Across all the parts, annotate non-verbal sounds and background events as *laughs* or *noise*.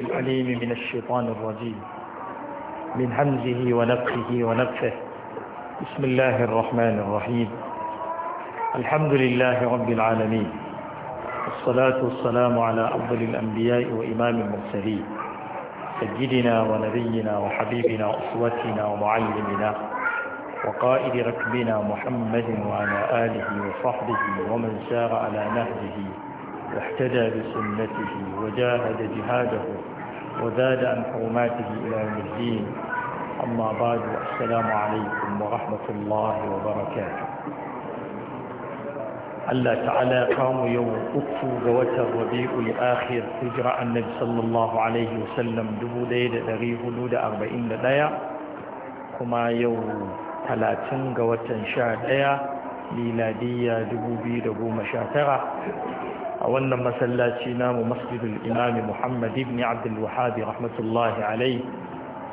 العليم من الشيطان الرجيم من همزه ونفخه ونفخه بسم الله الرحمن الرحيم الحمد لله رب العالمين والصلاة والسلام على أفضل الأنبياء وإمام المرسلين سيدنا ونبينا وحبيبنا وأسوتنا ومعلمنا وقائد ركبنا محمد وعلى آله وصحبه ومن سار على نهجه واحتجى بسنته وجاهد جهاده وزاد عن حرماته إلى يوم الدين أما بعد السلام عليكم ورحمة الله وبركاته Allah ta'ala ya kamu yau uku ga watan rabi'ul akhir hijira annabi sallallahu alaihi wasallam 1441 kuma yau 30 ga watan 11 sha 2019 a wannan masallaci namu masjidul imami muhammad ibn abdul wahabi rahmatullahi alai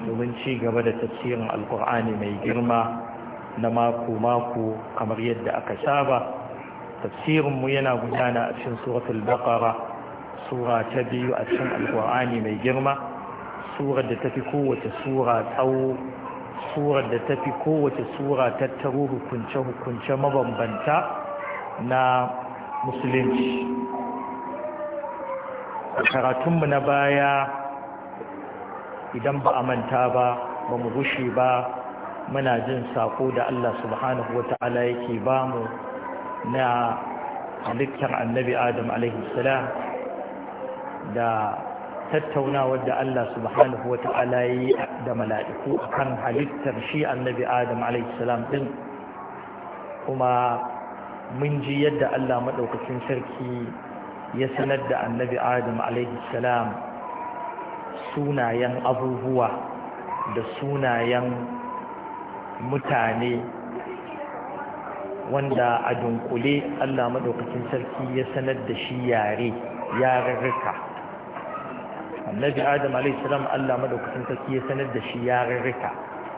domin ci gaba da tafsirin alkur'ani mai girma na mako-mako kamar yadda aka saba tafsirinmu yana gudana a cikin suratul baqara sura ta biyu a cikin alkur'ani mai girma surar da fi kowace sura tsawo surar da fi kowace sura tattaro hukunce-hukunce mabambanta na musulunci karatunmu na baya idan ba a manta ba ba mu gushe ba muna jin sako da Allah subhanahu wa ta'ala yake ba mu na halittar annabi adam salam da tattaunawar da Allah subhanahu wa ta'ala yi da mala'iku kan halittar shi annabi adam salam din kuma mun ji yadda Allah maɗaukacin sarki ya sanar da annabi adam salam sunayen abubuwa da sunayen mutane wanda a dunkule allah maɗaukacin sarki ya sanar da shi yare yararrika annabi adam salam allah maɗaukacin sarki ya sanar da shi yararrika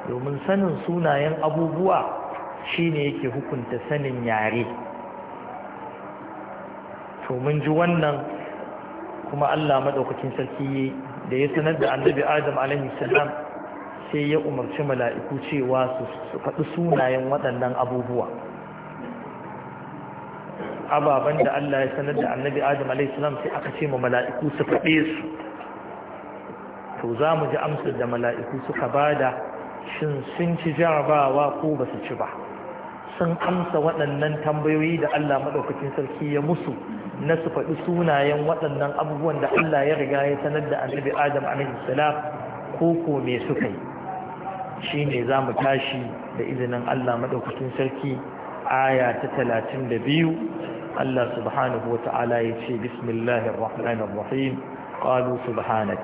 domin sanin sunayen abubuwa shine yake hukunta sanin yare to mun ji wannan kuma Allah madaukakin sarki da ya sanar da annabi Adam alaihi salam sai ya umarci mala'iku cewa su faɗi sunayen waɗannan abubuwa ababen da Allah ya sanar da annabi Adam alaihi salam sai aka ce ma mala'iku su faɗe su to za mu ji amsar da mala'iku suka bada shin sun ci jarabawa ko ba su ci ba sun amsa waɗannan tambayoyi da Allah maɗaukacin sarki ya musu na su faɗi sunayen waɗannan abubuwan da Allah ya riga ya sanar da annabi Adam salam ko ko me suka yi shine za mu tashi da izinin Allah maɗaukacin sarki aya ta talatin da biyu Allah subhanahu wa ta'ala ya ce bismillahir rahmanir rahim qalu subhanak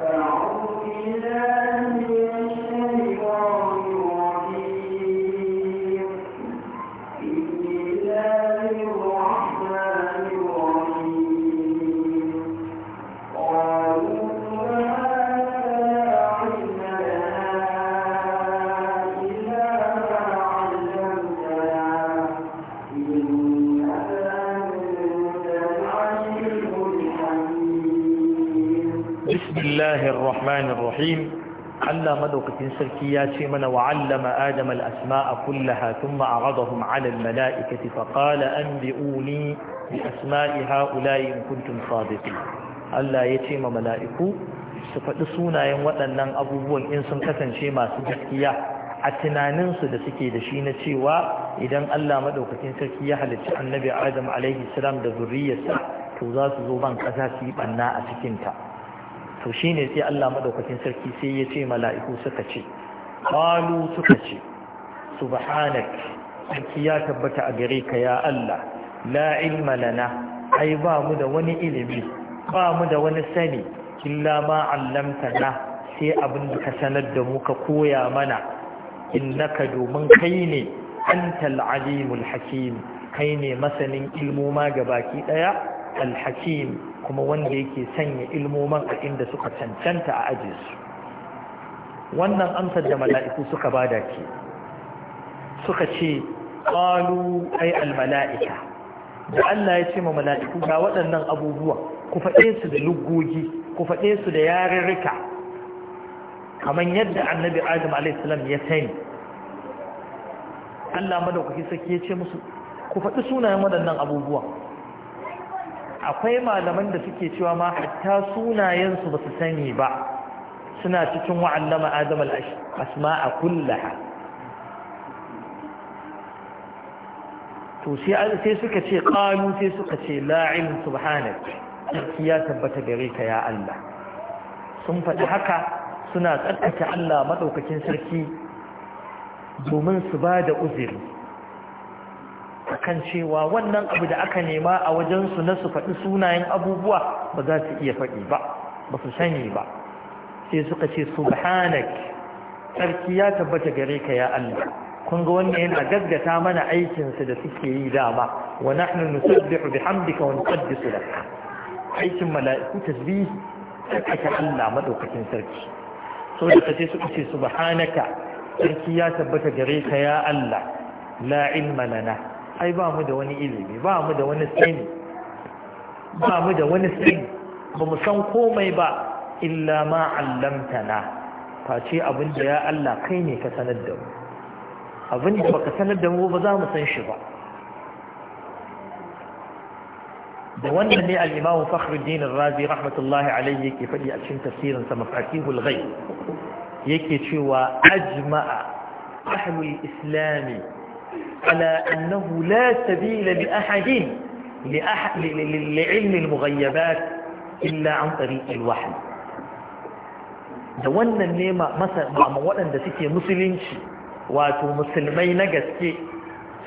أعوذ بالله من الشيطان الرحمن الرحيم علم دوقة سلكيات من وعلم آدم الأسماء كلها ثم أعرضهم على الملائكة فقال أنبئوني بأسماء هؤلاء إن كنتم صادقين ألا يتيم ملائكو سفدسونا ينوأن أبوه إنسان كثن شيما سجكيات a tunaninsu da suke da shi na cewa idan Allah maɗaukacin sarki ya halicci annabi Adam alaihi salam da zuriyarsa to za su zo ban ƙasa su yi ɓanna a cikinta to ne sai Allah madaukakin sarki sai ya ce mala'iku suka ce qalu suka ce subhanak sarki ya tabbata a gare ka ya Allah la ilma lana ai ba mu da wani ilimi ba mu da wani sani illa ma na sai abin da ka sanar da mu ka koya mana innaka domin kai ne antal alimul hakim kai ne masanin ilmoma ga baki ɗaya al hakim kuma wanda yake sanya ilmoman a inda suka cancanta a aje su wannan amsar da mala'iku suka bada ke suka ce ƙalu ai almala'ika da Allah ya ce ma mala'iku ga waɗannan abubuwa ku faɗe su da lugogi ku faɗe su da yarirrika kamar yadda annabi adam alaihissalam ya sani Allah madaukaki sake ya ce musu ku faɗi sunayen waɗannan abubuwa akwai malaman da suke cewa ma hatta sunayensu ba su sani ba suna cikin wa'allama adam a kullaha to sai suka ce ƙalu sai suka ce la'ilin subhanak sarki ya tabbata gare ka ya Allah sun faɗi haka suna tsarkake Allah maɗaukakin sarki domin su ba da uziri akan cewa wannan abu da aka nema a wajensu na su faɗi sunayen abubuwa ba za su iya faɗi ba ba su sani ba sai suka ce subhanak sarki ya tabbata gare ka ya Allah kun ga wannan yana gaggata mana aikinsu da suke yi dama wa nahnu nusabbihu bihamdika wa nuqaddisu lak aikin mala'iku tasbih tsakaka Allah madaukakin sarki so da kace suka ce subhanaka sarki ya tabbata gare ka ya Allah la ilma lana ai ba mu da wani ilimi ba mu da wani sani ba mu da wani sani ba mu san komai ba illa ma allamtana face abin da ya Allah kai ne ka sanar da mu abin da baka sanar da mu ba za mu san shi ba da wannan ne al-Imam Fakhruddin Razi rahmatullahi alayhi yake faɗi a cikin tafsirin sa mafatihul ghaib yake cewa ajma'a ahlul islami على أنه لا سبيل لأحد لأحد لعلم المغيبات إلا عن طريق الوحي da wannan ne masa ma'amman waɗanda suke musulunci wato musulmai na gaske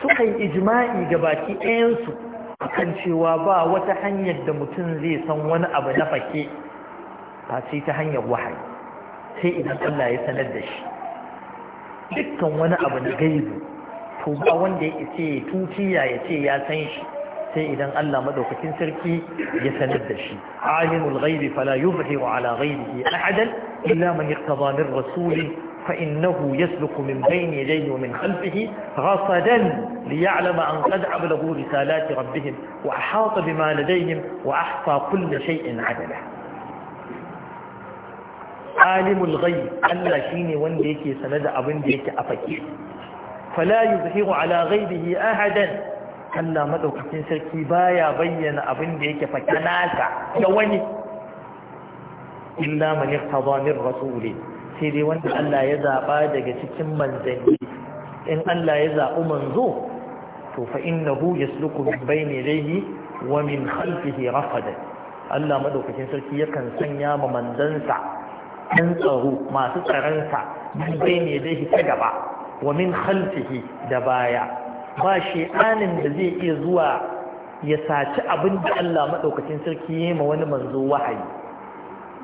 suka yi ijima'i ga baki ɗayansu a kan cewa ba wata hanyar da mutum zai san wani abu na fake ba ta hanyar wahayi sai idan Allah ya sanar da shi dukkan wani abu na gaibu to ba wanda ya ce tutiya ya ce ya san shi sai idan Allah madaukakin sarki ya sanar da shi alimul ghaibi fala yubhiru ala ghaibihi ahadan illa man iqtada min rasul fa innahu yasluku min bayni yadayhi wa min khalfihi ghasadan liya'lama an qad ablagu risalati rabbihim wa ahata bima ladayhim wa ahsa kull shay'in adala alimul ghaib Allah shine wanda yake sanar da abin da yake a fakir fala yuzhiru ala ghaibihi ahadan Allah madaukakin sarki baya bayyana abin da yake fata nasa ga wani illa man irtada min rasuli sai dai wanda Allah ya zaba daga cikin manzanni in Allah ya zabi manzo to fa innahu yasluku bayni yadayhi wa min khalfihi rafada Allah madaukakin sarki yakan sanya ma manzansa ɗan tsaro masu tsaransa min dai ta gaba wa min khalfihi da baya ba shedanin da zai iya zuwa ya saci abin da Allah madaukakin sarki yayi ma wani manzo wahayi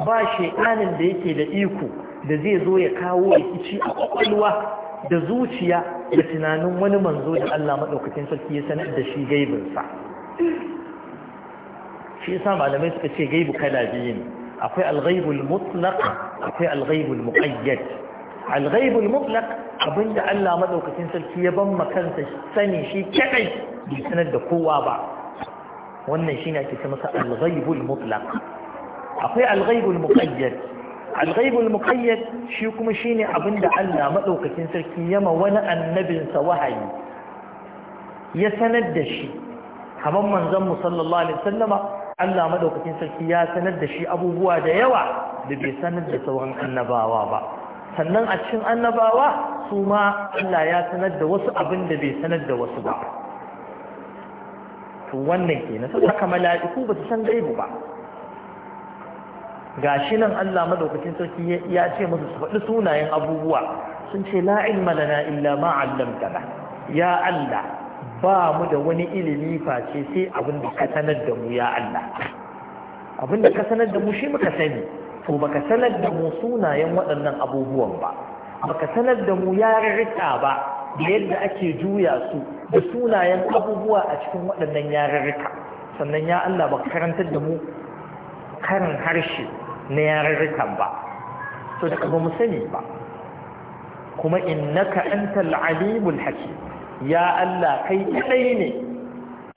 ba shedanin da yake da iko da zai zo ya kawo rikici a kwakwalwa da zuciya da tunanin wani manzo da Allah madaukakin sarki ya sanar da shi gaibinsa shi yasa malamai suka ce gaibu kala biyu ne akwai alghaibul mutlaq akwai alghaibul muqayyad alghaibul mutlaq abinda Allah madaukakin sarki ya ban sani shi kadai bai sanar da kowa ba wannan shine ake ce alghaibul mutlaq akwai alghaibul muqayyad alghaibul muqayyad shi kuma shine abinda Allah madaukakin sarki ya ma wani annabinsa wahayi ya sanar da shi kamar manzon mu sallallahu alaihi wasallama Allah madaukakin sarki ya sanar da shi abubuwa da yawa da bai sanar da sauran annabawa ba sannan a cikin annabawa su ma Allah ya sanar da wasu abin da bai sanar da wasu ba to wannan ke nasu haka mala'iku ba su san gaibu ba Ga shi nan Allah madaukakin sarki ya ce musu su faɗi sunayen abubuwa sun ce la malana illa ma'allam 'allamtana ya Allah ba mu da wani ilimi face sai abin da ka sanar da mu ya Allah abin da ka sanar da mu shi muka sani to baka sanar da mu sunayen waɗannan abubuwan ba baka sanar da mu yararrika ba da yadda ake juya su da sunayen abubuwa a cikin waɗannan yarurruka sannan ya Allah baka karantar da mu karin harshe na yarurrukan ba to daga ba mu sani ba kuma innaka antal alimul hakim ya Allah kai kadai ne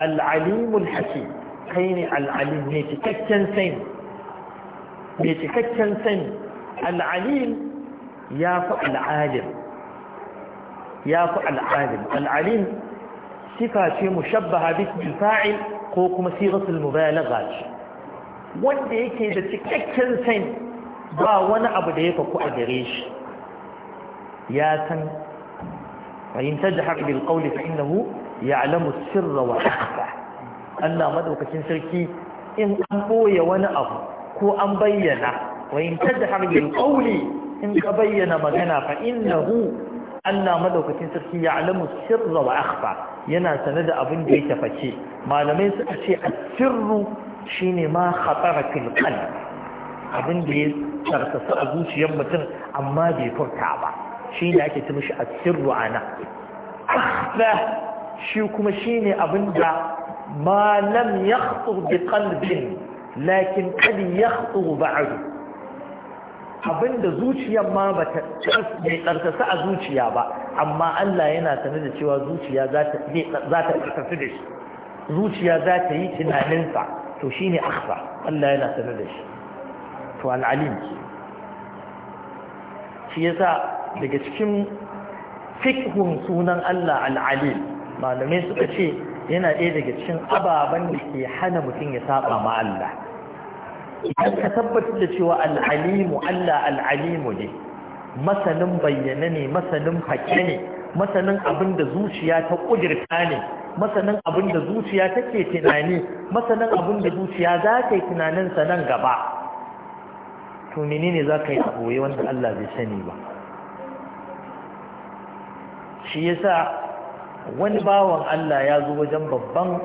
al alimul hakim kai ne al alim ne cikakken sani mai cikakken sani al'alim ya fi al'alim ya fi al'alim al'alim sifa ce mushabbaha bismi ko kuma siratul mubalagha ce wanda yake da cikakken sani ba wani abu da ya faku a gare shi ya san ayin a bil qawli fa innahu ya'lamu sirra wa an na maɗaukacin sarki in an boye wani abu ko an bayyana wa in tajhar bil qawli in ka bayyana magana fa innahu Allah madaukakin sarki ya alamu sirra wa akhfa yana sanar da abin da yake face malamai suka ce asirru shine ma khatara fil qalb abin da ya tsarkasa a zuciyar mutum amma bai furta ba shi ne ake mishi a sirru ana akhfa shi kuma shine abin da ma lam yakhtur bi qalbin lakin kadi ya haɗu ba'adu abinda zuciyar ma ba ta a zuciya ba amma Allah yana sanar da cewa zuciya za ta tsarkasu da shi zuciya za ta yi tunaninsa to shi ne aksa Allah yana sanar da shi to al'alim ke shi yasa daga cikin fikhun sunan Allah al'alim malamai suka ce yana ɗaya daga cikin ababen da ke hana mutum ya saba ma Allah idan ka tabbatar da cewa al'alimu Allah al'alimu ne masanin bayyana ne masanin fake ne masanin abin da zuciya ta kudirta ne masanin abin da zuciya take tunani masanin abin da zuciya za ta yi tunaninsa nan gaba to menene za ka yi a wanda Allah bai sani ba shi yasa wani bawan Allah ya zo wajen babban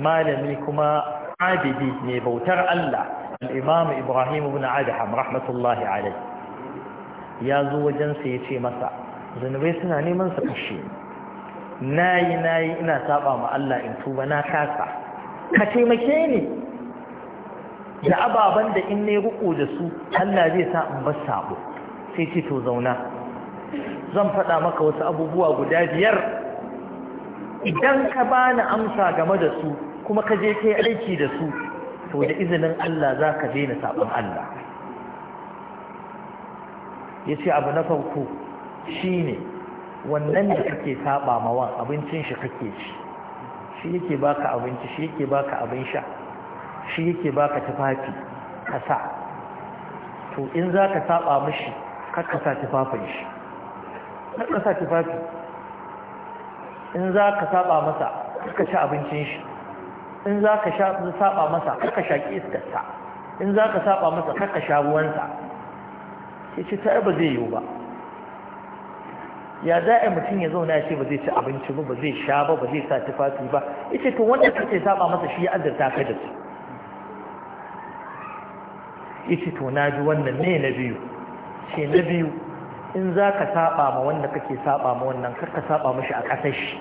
malami kuma abidi mai bautar Allah الإمام إبراهيم بن عدحم رحمة الله عليه يا زو جنسي يتي مسا زنبي سنة نيمان سكشي ناي ناي إنا سابا ما الله إن توبا نا كاسا كتي مكيني da ababen da in ne ruko da su Allah zai sa in bar sabo sai to zauna zan faɗa maka wasu abubuwa guda biyar idan ka bani amsa game da su kuma ka je yi aiki da su to da izinin Allah za ka daina saɓon Allah ya ce abu na farko shi ne wannan da kake saɓa mawa abincin shi kake ci shi yake baka abinci shi yake baka abin sha shi yake baka tufafi ka sa to in za ka saɓa mashi kakka sa tufafin shi kakka sa tufafi in za ka saɓa masa kakka ci abincin shi in za ka saba masa kaka shaƙi iskarsa in za ka saba masa kaka sha ruwansa ce ta ba zai yiwu ba ya za mutum ya zauna ya ce ba zai ci abinci ba ba zai sha ba ba zai sa tufafi ba Ya ce to wanda kake saba masa shi ya azurta ka da su Ya ce to na ji wannan ne na biyu ce na biyu in za ka saba ma wanda kake saba ma wannan karka saba mashi a ƙasashe.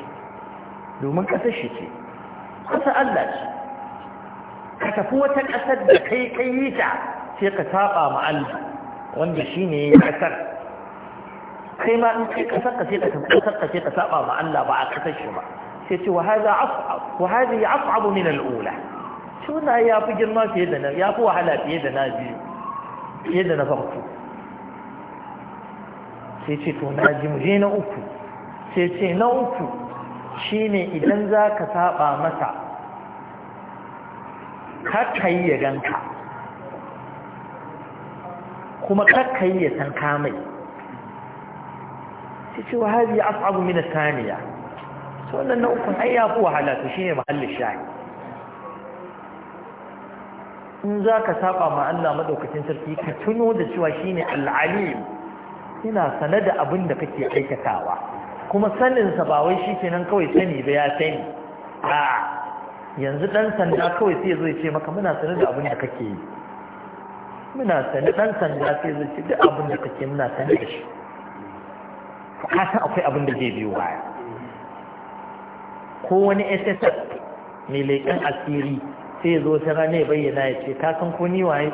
domin ƙasashe ce ƙasa Allah ce ka tafi wata ƙasar da kai kai ta sai ka taɓa ma Allah wanda shi ne ya ƙasar kai ma in kai ƙasar ka sai ka tafi ƙasar ka sai ka taɓa ma Allah ba a ƙasar shi ba sai ce wa hada ya wa abu min al suna ya fi girma fiye da na ya fi wahala fiye da na biyu fiye da na farko sai ce to na ji muje na uku sai ce na uku shine idan za ka saba masa kakkai ya ganka kuma kakkai ya san kamai shi ce wa ya abu mina saniya su wannan na'ukun ai ya fi wahala shi ne mahallin shayi in za ka saba ma maɗaukacin sarki ka tuno da cewa shi ne al'alim yana sane da abin da kake aikatawa kuma saninsa ba wai shi nan kawai sani ba ya sani yanzu ɗan sanda kawai sai zai ce maka muna sanar da abin da kake yi muna sanar ɗan sanda sai zai ce duk abin da kake muna sanar da shi ka san akwai abin da zai biyo baya ko wani SSS mai leƙen asiri sai zo ta rana ya bayyana ya ce ka san ko ni waye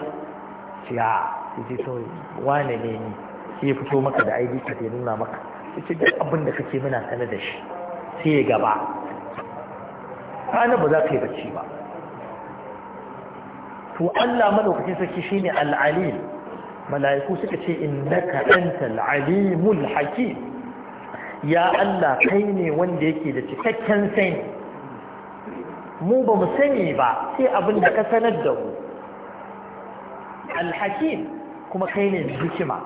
ce a ce to wane ne ni sai fito maka da ID ka nuna maka ce duk abin da kake muna sanar da shi sai ya gaba ranar ba za ka yi bacci ba to Allah madaukakin sarki shine al-alim mala'iku suka ce innaka antal alimul hakim ya Allah kai ne wanda yake da cikakken sani mu ba mu sani ba sai abin da ka sanar da mu al-hakim kuma kai ne hikima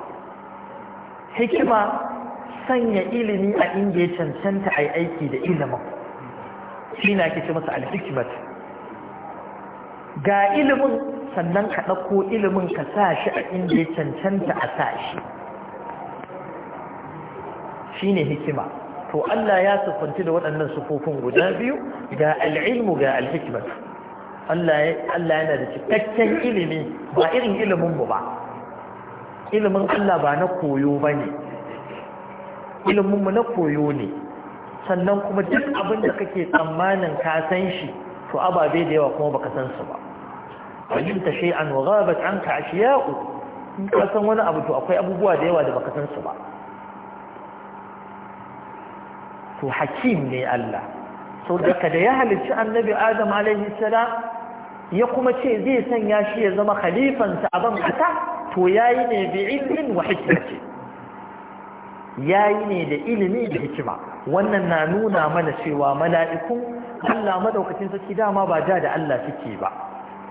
hikima sanya ilimi a inda ya cancanta a aiki da ilimin shi na ake ce masa alhikimat ga ilimin sannan ka ɗauko ilimin ka sa shi a inda ya cancanta a sa shi shi ne hikima to Allah ya siffanci da waɗannan sufofin guda biyu ga al'ilmu ga alhikimat Allah yana da cikakken ilimi ba irin ilimin mu ba ilimin Allah ba na koyo ba ne ilimin mu na koyo ne sannan kuma duk abin da kake tsammanin ka san shi to ababe da yawa kuma baka san su ba fahimta shay'an wa ghabat shi ya in ka san wani abu to akwai abubuwa da yawa da baka san su ba to hakim ne Allah sau da ka da ya halicci annabi adam alaihi salam ya kuma ce zai sanya shi ya zama khalifansa a ban kasa to yayi ne bi ilmin wa hikmati yayi ne da ilimi da hikima wannan na nuna mana cewa mala'iku Allah maɗaukacin sarki dama ba ja da Allah suke ba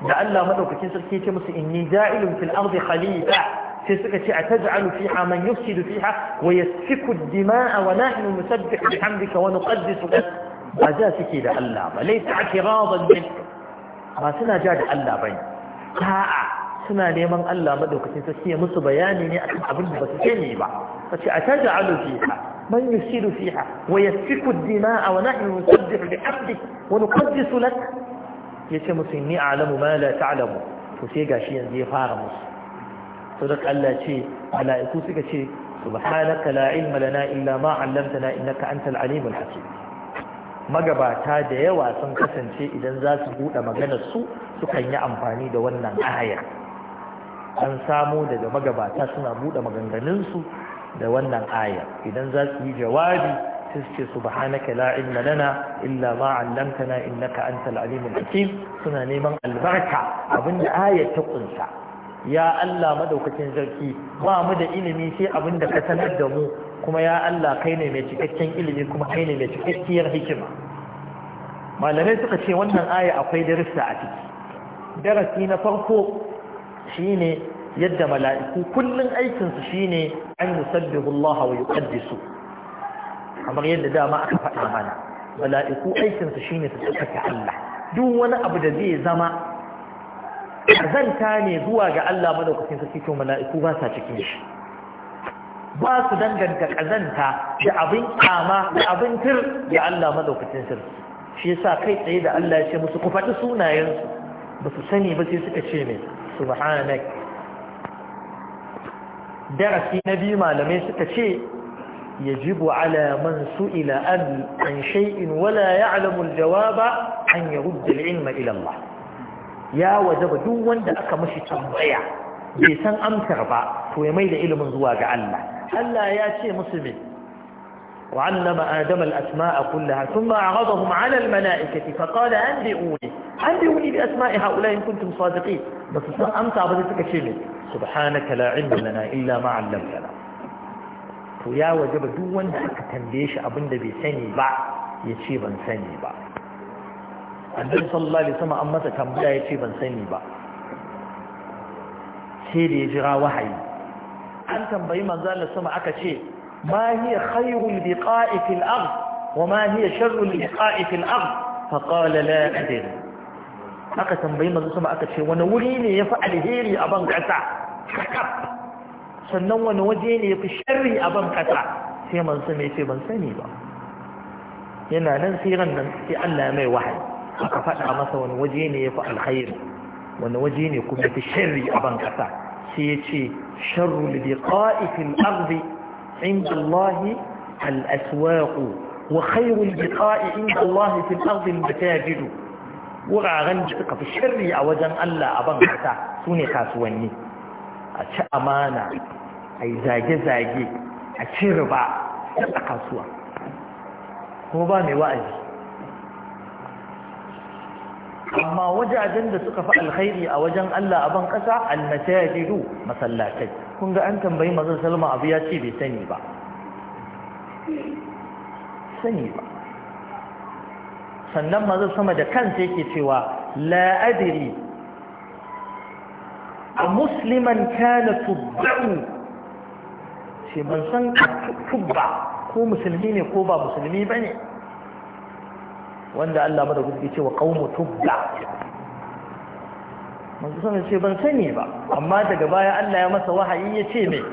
da Allah maɗaukacin sarki ya ce musu inni ja'ilun fil ardi khalifa sai suka ce a taj'alu fiha man yufsidu fiha wa dima a dimaa inu nahnu nusabbihu bihamdika wa nuqaddisu lak ba ja suke da Allah ba laysa i'tiradan min ba suna ja da Allah bane suna neman Allah madaukakin sarki ya musu bayani ne akan abin da ba su sani ba kace atajalu fiha man yusiru fiha wa yasfiku ad-dima'a wa nahnu nusabbihu bihamdik wa nuqaddisu lak yace musu inni a'lamu ma la ta'lamu to sai gashi yanzu ya fara musu to da Allah ce mala'iku suka ce subhanaka la ilma lana illa ma 'allamtana innaka antal alimul hakim magabata da yawa sun kasance idan za su buɗe maganar su sukan yi amfani da wannan ayar an samo daga magabata suna buɗe maganganunsu da wannan aya idan za su yi jawabi sai su ce subhanaka la ilma lana illa ma 'allamtana innaka antal alimul hakim suna neman albarka da ayar ta kunsa ya Allah madaukakin sarki ba mu da ilimi sai da ka sanar da mu kuma ya Allah kai ne mai cikakken ilimi kuma kai ne mai cikakkiyar hikima malamai suka ce wannan aya akwai darussa a ciki darasi na farko shine yadda mala'iku kullun aikinsu shine an yusabbihu Allah wa yuqaddisu kamar yadda dama aka faɗa mana mala'iku aikinsu shine su tsaka Allah duk wani abu da zai zama zanta ne zuwa ga Allah madaukakin sarki to mala'iku ba sa cikin shi ba su danganta kazanta da abin kama da abin tir ga Allah madaukakin sarki shi yasa kai tsaye da Allah ya ce musu ku faɗi sunayensu ba su sani ba sai suka ce mai subhanak darasi na biyu malamai suka ce yajibu ala su su'ila an an shay'in wala ya'lamu aljawaba an yurdi alilma ila Allah ya wajaba duk wanda aka mishi tambaya bai san amsar ba to ya maida ilimin zuwa ga Allah Allah ya ce musu me wa'allama adama alasma'a kullaha thumma 'aradahum 'ala almala'ikati fa qala anbi'uni عندي ولي بأسماء هؤلاء إن كنتم صادقين بس أمس عبدتك شيني سبحانك لا علم لنا إلا ما علمتنا فيا وجب دون حكا تنبيش أبن دبي سني با يشيبا سني با عندما صلى الله عليه وسلم أمسا تنبيا يشيبا سني با سيدي يجرى وحي أنت بما زال السماء أكشي ما هي خير البقاء في الأرض وما هي شر البقاء في الأرض فقال لا أدري aka tambayi manzo sama aka ce wani wuri ne yafi alheri a ban kasa kakaf sannan wani waje ne yafi sharri a ban kasa sai manzo mai ce ban sani ba yana nan sai ran nan sai Allah ya mai wahayi aka faɗa masa wani waje ne yafi alkhairi wani waje ne kuma yafi sharri a ban kasa sai ya ce sharru liqa'i fil ardi inda Allah al-aswaq wa khairul liqa'i inda Allah fil ardi al-masajid wuraren da suka fi shirri a wajen Allah a ban su ne kasuwanni a ci amana a yi zage-zage a ci riba a kasuwa kuma ba mai wa'azi amma wajajen da suka fi alkhairi a wajen Allah a ban ya jiru masallatai kun ga an tambayi mazan salma abu ya ce bai sani ba sani ba sannan maza sama da kansa yake cewa la a musliman kana tubba'u ce ban san tubba ko musulmi ne ko ba musulmi ba ne wanda Allah mada gudu ce wa ƙaunu tubba masu sanar ce ban sani ba amma daga baya Allah ya masa wahayi ya ce mai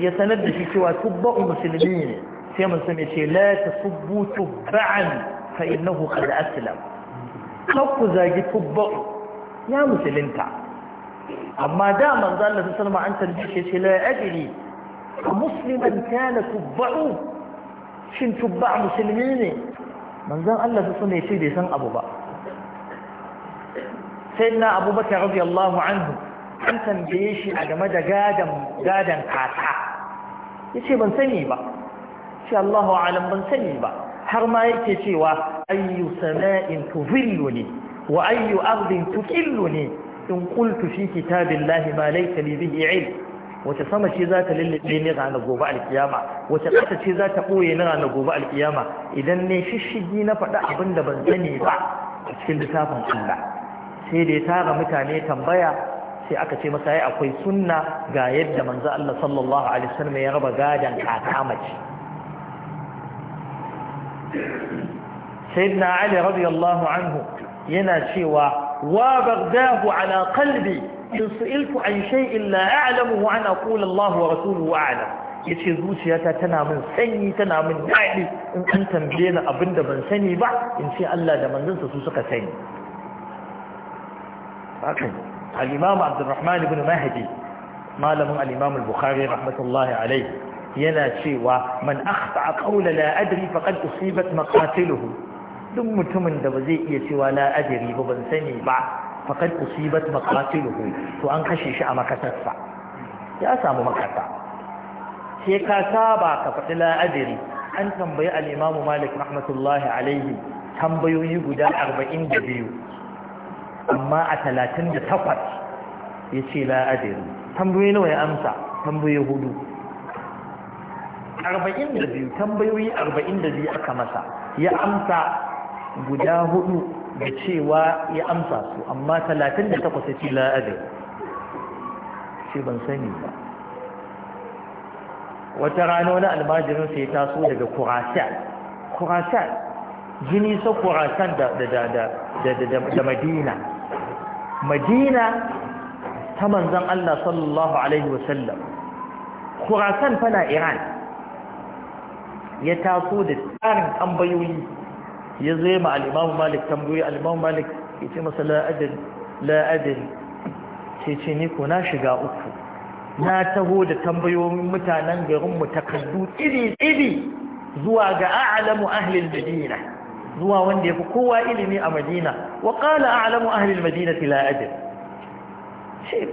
ya sanar da shi cewa tubba'u musulmi ne sai musulmi ce la ta subbu tubba'an فإنه قد أسلم خف زاجي تبع يا مسلمتا أما دام أن ذا الله سلم عن تنبيش لا أدري مسلما كان تبع شن تبع مسلمين من ذا الله سلم يشيدي سن أبو بكر سيدنا أبو بكر رضي الله عنه an tambaye shi a game da gadon kata ya ce ban sani ba shi Allahu alam ban sani ba har ma yake cewa ayyu sama'in ne wa ayyu ardin tuqilluni in qultu fi kitabillahi ma laysa li bihi ilm wace sama ce zata ta ni ranar gobe alkiyama wace ƙasa ce zata ɓoye ni ranar gobe alkiyama idan ne shishigi na faɗa abin da ban sani ba a cikin littafin Allah sai da ya tara mutane tambaya sai aka ce masa ya akwai sunna ga yadda manzo Allah sallallahu alaihi wasallam ya raba gadan kaka mace sayyidina ali radiyallahu anhu yana cewa wa bagdahu ala qalbi in su'iltu an shay'in la a'lamuhu an aqula wa rasuluhu yace zuciyata tana min sanyi tana min daɗi in an tambaye ni abinda ban sani ba in ce Allah da manzansa su suka sani haka al-imam Abdurrahman ibn Mahdi malamin al-imam al-Bukhari rahmatullahi alayhi yana cewa man akhta qawla la adri faqad usibat maqatiluhu duk mutumin da ba zai iya cewa la adri ba ban sani ba faqad usibat maqatiluhu to an kashe shi a makasarsa ya samu makasa sai ka saba ka faɗi la adri an tambayi al-imam malik rahmatullahi alaihi tambayoyi guda 42 amma a 38 yace la adri tambayoyi nawa ya amsa tambayoyi hudu arba'in da biyu tambayoyi arba'in da biyu aka masa ya amsa guda hudu da cewa ya amsa su amma talatin da takwas ya ce la'adai ce ban sani ba wata rana wani almajirin sai ya taso daga kurashan kurashan jini sa kurashan da madina madina ta manzan Allah sallallahu Alaihi wasallam kurashan fana iran ya taso da tsarin tambayoyi ya zo ma al'imamu malik tambayoyi al'imamu malik ya ce masa la'adari la'adari ce ce ni ko na shiga uku na taho da tambayoyin mutanen garinmu takardu iri-iri zuwa ga a'alamu ahlil madina zuwa wanda ya fi kowa ilimi a madina wa ƙala a'alamu ahlil madina la'adari ce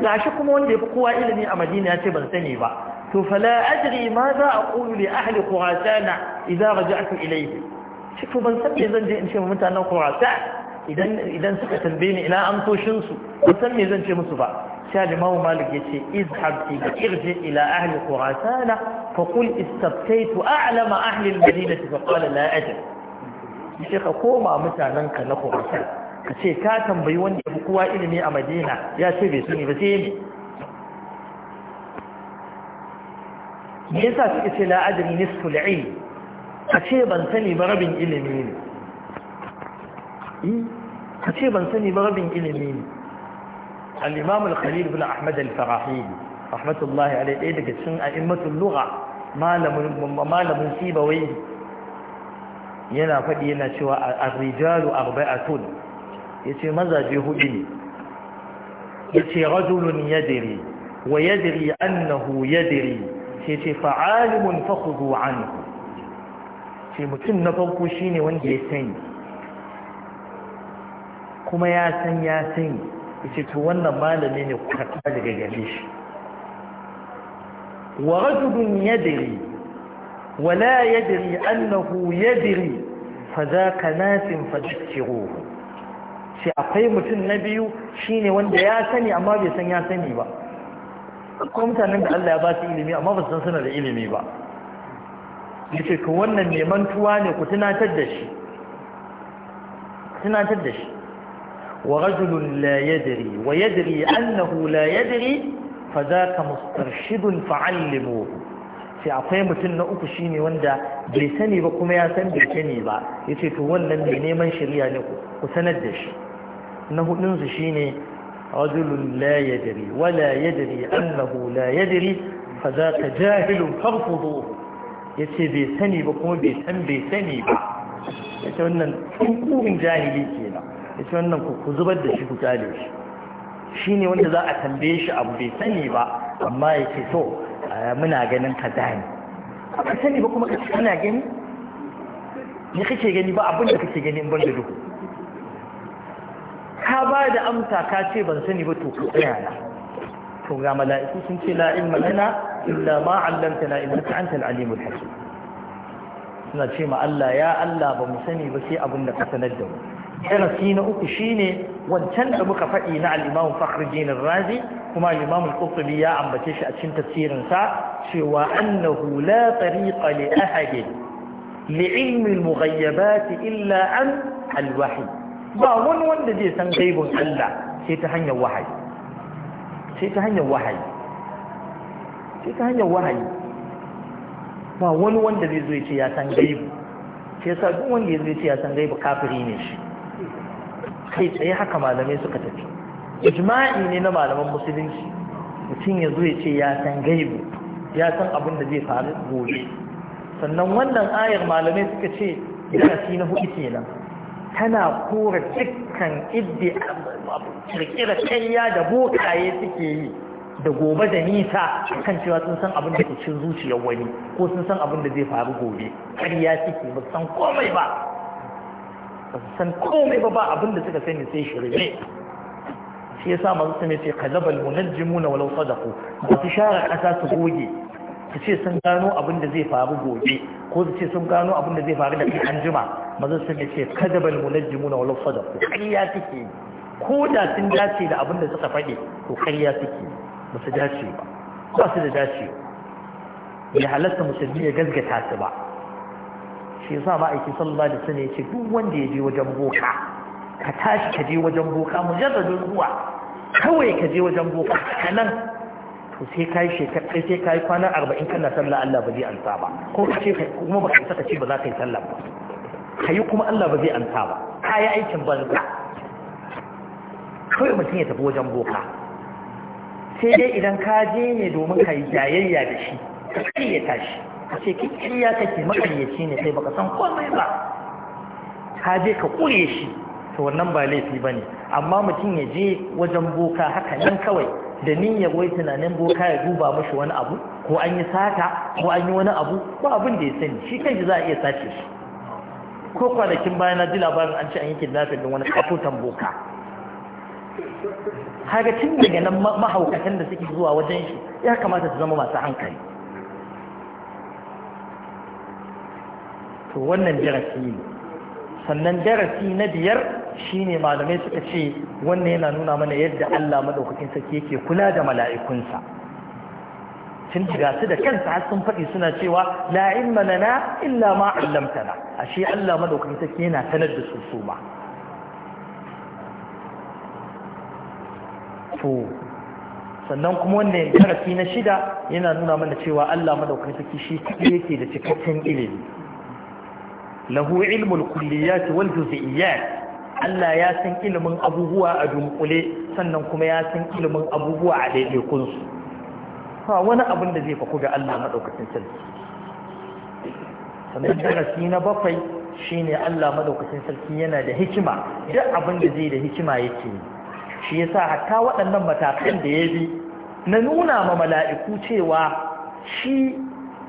gashi kuma wanda ya fi kowa ilimi a madina ya ce ban sani ba to fala ma za a ƙulu da ahli kurasana idan raja aka ilai shi ban san me zan je in ce mutanen kurasa idan suka tambaye ni ina an toshin su san me zan ce musu ba sha limamu malik ya ce izhab ki ga ila ahli kurasana fa kul istabtaitu a'lama ahli al-madina fa qala la ajri ka koma mutanen ka na ka ce ka tambayi wanda ya bukuwa ilimi a madina ya ce bai sani ba sai الإمام الخليل بن أحمد الفراحي رحمة الله عليه إيدك سن أئمة اللغة ما لم ما لم نسيب وين ينا فدينا شو الرجال أربعة يسي ماذا جهو إلي يسي رجل يدري ويدري أنه يدري sai ce fa'alimun fakhudhu anhu ce mutum na farko shi ne wanda ya sani kuma ya san ya sani yace to wannan malami ne kuka ta daga gare shi wa rajulun yadiri wa yadiri yadri annahu yadri fa zaka nasin fadhkiruhu sai akwai mutum na biyu shine wanda ya sani amma bai san ya sani ba ko mutanen da Allah ya ba su ilimi amma ba san suna da ilimi ba yace ko wannan neman tuwa ne ku tunatar da shi tunatar da shi wa rajulun la yadri wa yadri annahu la yadri fa zaka mustarshidun fa'allimuhu sai akwai mutum na uku shine wanda bai sani ba kuma ya san bai sani ba yace to wannan ne neman shari'a ne ku sanar da shi na hudun su shine رجل لا يدري ولا يدري أنه لا يدري فذاك جاهل فارفضوه yace bai sani ba kuma bai san bai sani ba yace wannan kukurin jahili kenan yace wannan ku zubar da shi ku tale shi shine wanda za a tambaye shi abu bai sani ba amma yace to muna ganin ka dani ba sani ba kuma kana gani ne kake gani ba abin da kake gani in ban da duhu ka ba da amsa ka ce ban sani ba to ku tsaya na to ga mala'iku sun ce la ilma lana illa ma 'allamtana innaka antal alimul hakim suna ce ma Allah ya Allah ba mu sani ba sai abin da ka sanar da mu darasi na uku shine wancan da muka faɗi na al-Imam Fakhruddin Razi kuma al-Imam Al-Qurtubi ya ambace shi a cikin tafsirin sa cewa annahu la tariqa li ahadin li ilmi al-mughayyabat illa an al-wahy ba wani wanda zai san gaibin Allah sai ta hanyar wahayi sai ta hanyar wahayi sai ta hanyar wahayi ba wani wanda zai zo ya ce ya san gaibu sai yasa duk wanda ya zo ya ce ya san gaibu kafiri ne shi kai tsaye haka malamai suka tafi ijma'i ne na malaman musulunci mutum ya zo ya ce ya san gaibu ya san abin da zai faru gobe sannan wannan ayar malamai suka ce darasi na hudu kenan tana kora dukkan iddi kirkira kariya da bokaye suke yi da gobe da nisa kan cewa sun san abin da ke cin zuciyar wani ko sun san abin da zai faru gobe kariya suke ba san komai ba ba su san komai ba ba abin da suka sani sai shirme shi yasa masu sami sai kalabal munajjimuna walau sadaku ba su share kasa su goge su ce sun gano abin da zai faru gobe ko su ce sun gano abin da zai faru da kai an jima mazan sun ce kadabal munajjimuna wal sadaqu kariya take ko da sun dace da abin da suka fade to kariya take ba su dace ba ba su da dace ya halatta musulmi ya gazgata su ba shi yasa ba aiki sallallahu alaihi wasallam yace duk wanda ya je wajen boka ka tashi ka je wajen boka mu mujarradin zuwa kawai ka je wajen boka kanan to sai kai shekar Sai sai kai kwana 40 kana sallah Allah ba zai alsa ba ko kace kuma ba ka saka ce ba za ka yi sallah ba kayi kuma Allah ba zai amsa ba Ka yi aikin banza kawai mutum ya tafi wajen boka sai dai idan ka je ne domin ka yi jayayya da shi ka ya tashi ka ce ki kake makayyaci ne sai baka san komai ba ka je ka kure shi to wannan ba laifi ba ne. amma mutum ya je wajen boka haka nan kawai da niyyar wai tunanin boka ya duba mashi wani abu ko an yi sata ko an yi wani abu ko abin da ya sani shi kanshi za a iya sace shi ko kwanakin bayan na ji labarin an ce an yi kidnapping din wani katotan boka Haga tun daga nan mahaukatan da suke zuwa wajen shi ya kamata su zama masu hankali to wannan darasi ne sannan darasi na biyar shine malamai suka ce wannan yana nuna mana yadda Allah madaukakin sarki yake kula da mala'ikunsa tun su da kansa har sun faɗi suna cewa la ilma illa ma 'allamtana ashe Allah madaukakin sarki yana sanar da su su ma to sannan kuma wannan darasi na shida yana nuna mana cewa Allah madaukakin sarki shi yake da cikakken ilimi lahu ilmul kulliyat wal juz'iyat Allah ya san ilimin abubuwa a dunkule sannan kuma ya san ilimin abubuwa a daidaikunsu ba wani abin da zai faku ga Allah madaukakin sarki sannan darasi na bakwai shine Allah madaukakin sarki yana da hikima duk abin da zai da hikima yake shi yasa hatta waɗannan matakan da ya bi na nuna ma mala'iku cewa shi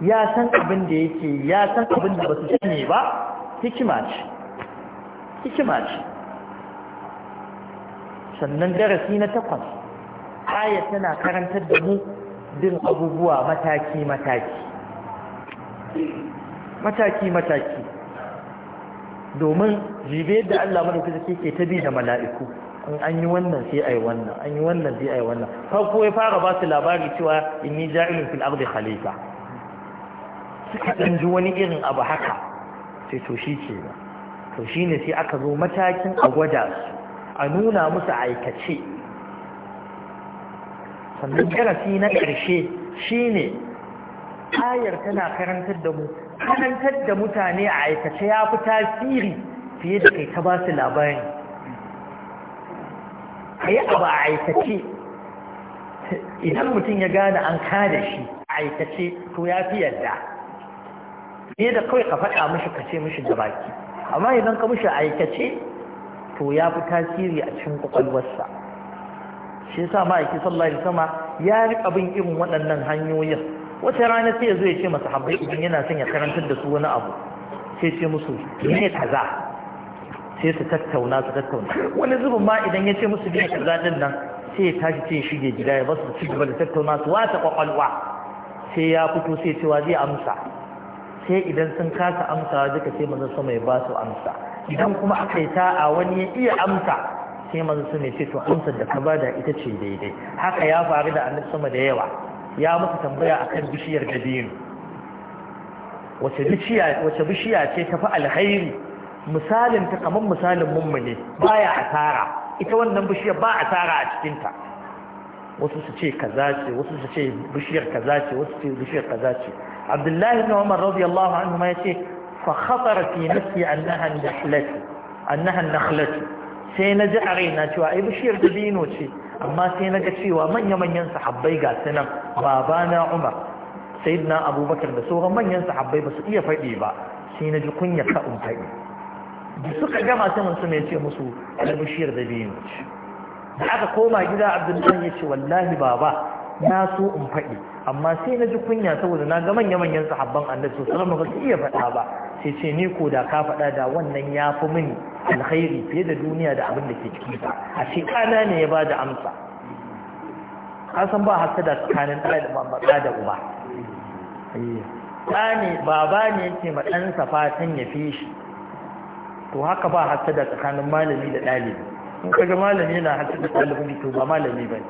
ya san abin da yake ya san abin da ba su sani ba hikima ce hikima ce sannan darasi na takwas aya tana karantar da mu bin abubuwa mataki-mataki mataki-mataki domin jibe da Allah madaukaki ke ta bi da mala'iku an yi wannan sai ai wannan an yi wannan sai ai wannan farko ya fara ba su labari cewa inni ja'ilun filar da khalifa suka dan wani irin abu haka sai to shi ke ba to shine sai aka zo matakin a gwada su a nuna musu aikace sannan darasi na ƙarshe shi ne. ayar tana karantar da mu karantar da mutane a aikace ya fi tasiri fiye da kai ta ba su labari a yi abu a aikace idan mutum ya gane an kada shi a aikace to ya fi yadda fiye da kawai ka faɗa mashi kace ce mashi da baki amma idan ka mashi a aikace to ya fi tasiri a cikin kwakwalwarsa shi sa ma'aiki sallallahu sama. ya rika bin irin waɗannan hanyoyin wata rana sai ya zo ya ce masa habbai idan yana son ya karantar da su wani abu sai ce musu ne kaza sai su tattauna su tattauna wani zubin ma idan ya ce musu ne kaza din nan sai ya tashi ce shige gida ya basu ci gaba da tattauna su wata kwakwalwa sai ya fito sai cewa zai amsa sai idan sun kasa amsa duka sai manzon sama ya ba su amsa idan kuma aka yi a wani ya iya amsa sai manzo sun ce to da ka bada ita ce daidai haka ya faru da annabi sama da yawa ya musu tambaya akan bishiyar dabino wace bishiya wace bishiya ce tafi alkhairi misalin ta kaman misalin ba ya asara ita wannan bishiyar ba asara a cikinta wasu su ce kaza ce wasu su ce bishiyar kaza ce wasu su ce bishiyar kaza ce abdullahi ibn umar radiyallahu anhu ma yace fa khatara fi nafsi annaha nahlati annaha nahlati sai na ji a raina cewa ai bishiyar dabino ce amma sai na ga cewa manya-manyan sahabbai ga su babana umar sayyidina abubakar da sauran manyan sahabbai ba su iya faɗi ba sai na ji kunya ka in faɗi da suka gama saman su mai ce musu ai bishiyar dabino ce da aka koma gida abdullahi ya ce wallahi baba na so in faɗi amma sai na ji kunya saboda na ga manya-manyan sahabban annabi sallallahu alaihi wasallam ba su iya faɗa ba sai ce ni ko da ka faɗa da wannan ya fi mini alkhairi fiye da duniya da abin da ke ciki ba a ce ɗana ne ya ba da amsa san ba hasa da tsakanin ɗaya da uba eh, ɗa ba. baba ne yake ma ɗansa fatan ya fi shi to haka ba hasa da tsakanin malami da ɗalibi in kaga malami na hasa da ɗalibin to ba malami ba ne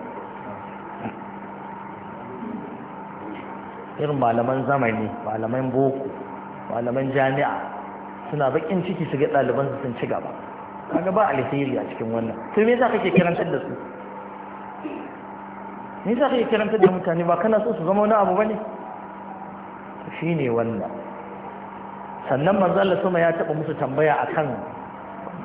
irin malaman zamani malaman boko malaman jami'a suna bakin ciki su ga ɗaliban su sun ci gaba kaga ba alheri a cikin wannan to me yasa kake karantar da su me yasa kake karantar da mutane ba kana so su zama wani abu bane shine wannan sannan manzo Allah sama ya taba musu tambaya akan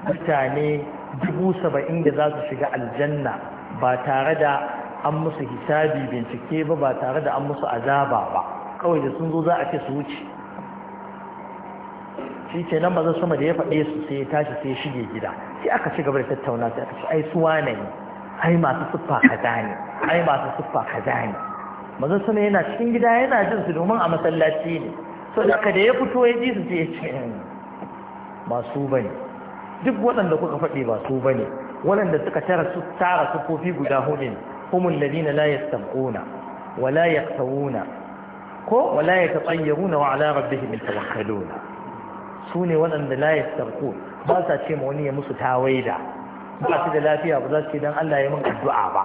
mutane dubu saba'in da za su shiga aljanna ba tare da an musu hisabi bincike ba ba tare da an musu azaba ba kawai da sun zo za a ce su wuce shi ke nan mazan sama da ya faɗe su sai ya tashi sai ya shige gida sai aka ci gaba da tattauna sai aka ce ai su ne ai masu siffa kaza ne ai masu siffa kaza ne mazan sama yana cikin gida yana jin su domin a masallaci ne so da aka da ya fito ya ji su sai ya ce hmm, ba bane duk waɗanda kuka faɗi ba su bane waɗanda suka tara su tara sufofi guda hudu ne humul ladina la yastamquna wala yaqtawuna ko wala yatayyaruna wa ala rabbihim yatawakkaluna su ne waɗanda layar sarko ba sa ce ma wani ya musu ta tawaida ba su da lafiya ba za su ce don Allah ya min addu'a ba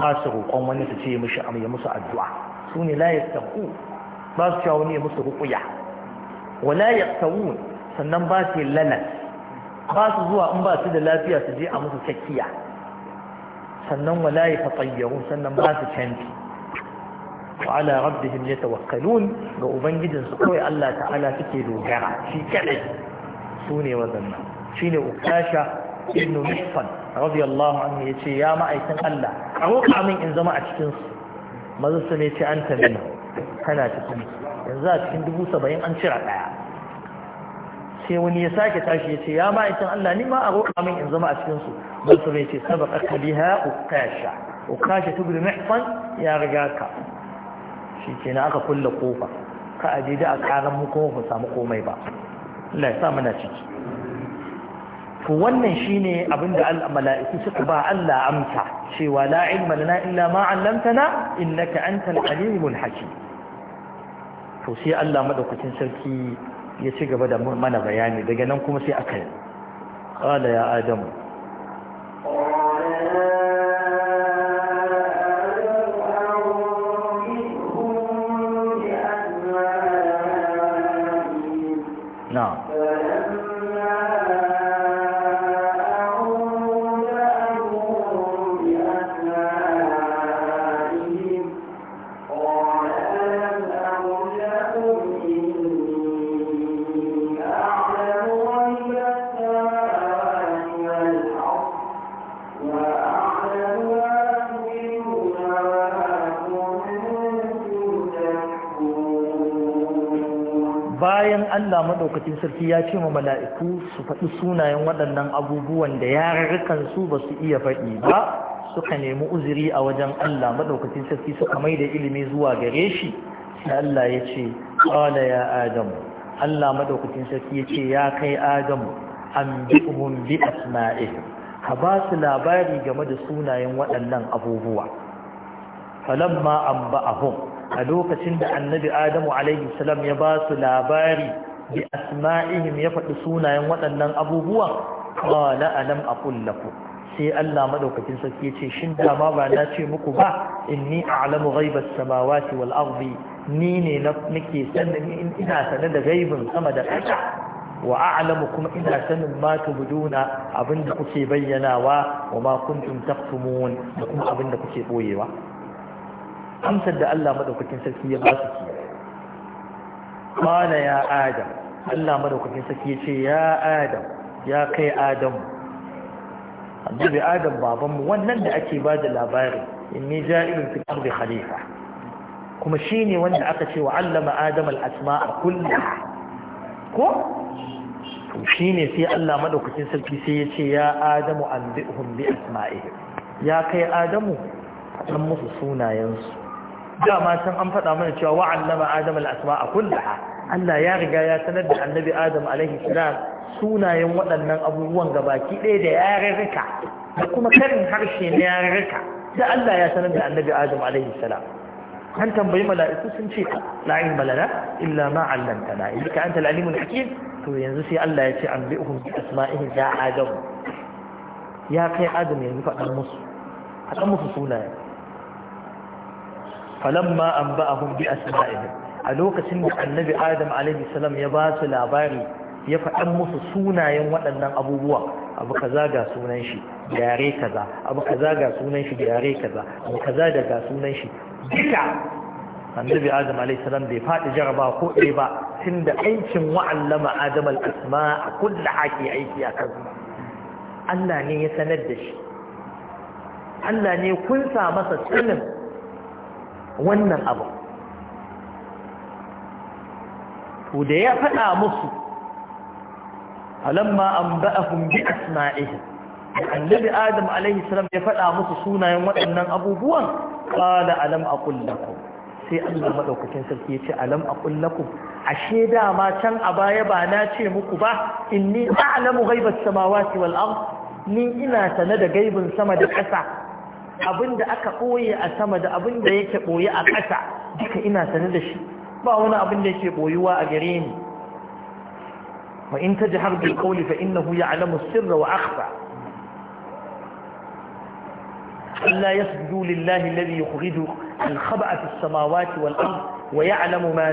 ba su roƙon wani su ce ya musu addu'a su ne layar sarko ba su cewa wani ya musu ruƙuya wa layar sarko sannan ba su lalas ba su zuwa in ba su da lafiya su je a musu tsakiya sannan wa layar sannan ba su canfi وعلى ربهم يتوكلون وأبنجد سقوي الله تعالى تكيدو جرع في كعب سوني وذنب شيني أكاشا ابن محصن رضي الله عنه يتي يا معيسن الله أروقع من إن زماء تكنس ماذا سميتي أنت منه هنا تكنس إن ذات كندبو سبعين أنشرع sai wani ya sake tashi ya ce ya ma'aikin Allah ni ma a roƙa min in zama a cikinsu don su bai ce sabaka ka biha ukasha ukasha tubul mihsan ya riga ka shi ke na aka kulle kofa ka aje a karan mu kuma ku samu komai ba Allah sa mana ciki to wannan shine abinda al-mala'iku suka ba Allah amsa cewa la ilma illa ma 'allamtana innaka antal alimul hakim to sai Allah maɗaukacin sarki ya ci gaba da mana bayani daga nan kuma sai aka yi qala ya adamu Allah sarki ya ce ma mala'iku su faɗi sunayen waɗannan abubuwan da yararrukan su ba su iya faɗi ba suka nemi uzuri a wajen Allah maɗaukacin sarki suka mai da ilimi zuwa gare shi sai Allah ya ce ƙwala ya adamu Allah maɗaukacin sarki ya ce ya kai adamu an bi umun bi ka ba su labari game da sunayen waɗannan abubuwa falamma an ba'ahum a lokacin da annabi adamu alaihi salam ya ba su labari bi asma'ihim ya faɗi sunayen waɗannan abubuwa qala a aqul lakum sai Allah maɗaukacin sarki ya ce shin dama ma ba na ce muku ba inni a'lamu ghaibas samawati wal ardi ni ne nake sanin in ina sanin da gaibin sama da ƙasa wa a'lamu kuma ina sanin ma tubduna abinda kuke bayyanawa wa ma kuntum taqtumun da kuma abinda kuke boyewa amsar da Allah madaukakin sarki ya ba su qala ya adam Allah madaukakin saki ce ya adam ya kai adam annabi adam babanmu wannan da ake ba da labari inni ja'ilun fil ardi khalifa kuma shi ne wanda aka ce wa allama adam al a kulla ko shi ne sai Allah maɗaukakin sarki sai ya ce ya adamu anbihum bi asma'ihim ya kai adamu a ɗan musu sunayensu dama san an faɗa mana cewa wa'allama adam al-asma a kullaha Allah ya riga ya sanar da annabi adam alaihi salam sunayen waɗannan abubuwan gabaki ɗaya da yarurruka da kuma karin harshe na yarurruka da Allah ya sanar da annabi adam alaihi salam an tambayi mala'iku sun ce la ilma lana illa ma 'allamtana innaka antal alimul hakim to yanzu sai Allah ya ce an bi'uhum bi asma'ihim ya adam ya kai adam yanzu faɗa musu faɗa musu sunayen falamma an ba'ahum bi asma'ihim a lokacin da annabi adam alaihi salam ya ba su labari ya faɗan musu sunayen waɗannan abubuwa abu kaza ga sunan shi da kaza abu kaza ga sunan shi da kaza abu kaza da ga sunan shi duka annabi adam alaihi salam bai faɗi jaraba ko ɗaya ba tunda aikin wa'allama adam al-asma a kullu ake aiki a kansa Allah ne ya sanar da shi Allah ne kun sa masa sanin wannan abu to da ya faɗa musu Alamma falamma anba'ahum bi asma'ihim annabi adam alaihi salam ya faɗa musu sunayen waɗannan abubuwan qala alam aqul lakum sai Allah madaukakin sarki ya ce alam aqul lakum ashe ma can a baya ba na ce muku ba inni a'lamu ghaibas samawa wal ard ni ina sana da gaibin sama da ƙasa abinda aka ɓoye a sama da abinda yake ɓoye a ƙasa duka ina sane da shi ba wani abinda yake koyuwa a gare ni wa in ta jihar bil kauli fa innahu ya'lamu sirra wa akhfa alla yasjudu lillahi alladhi yukhriju al-khaba'a fi as-samawati wal-ard wa ya'lamu ma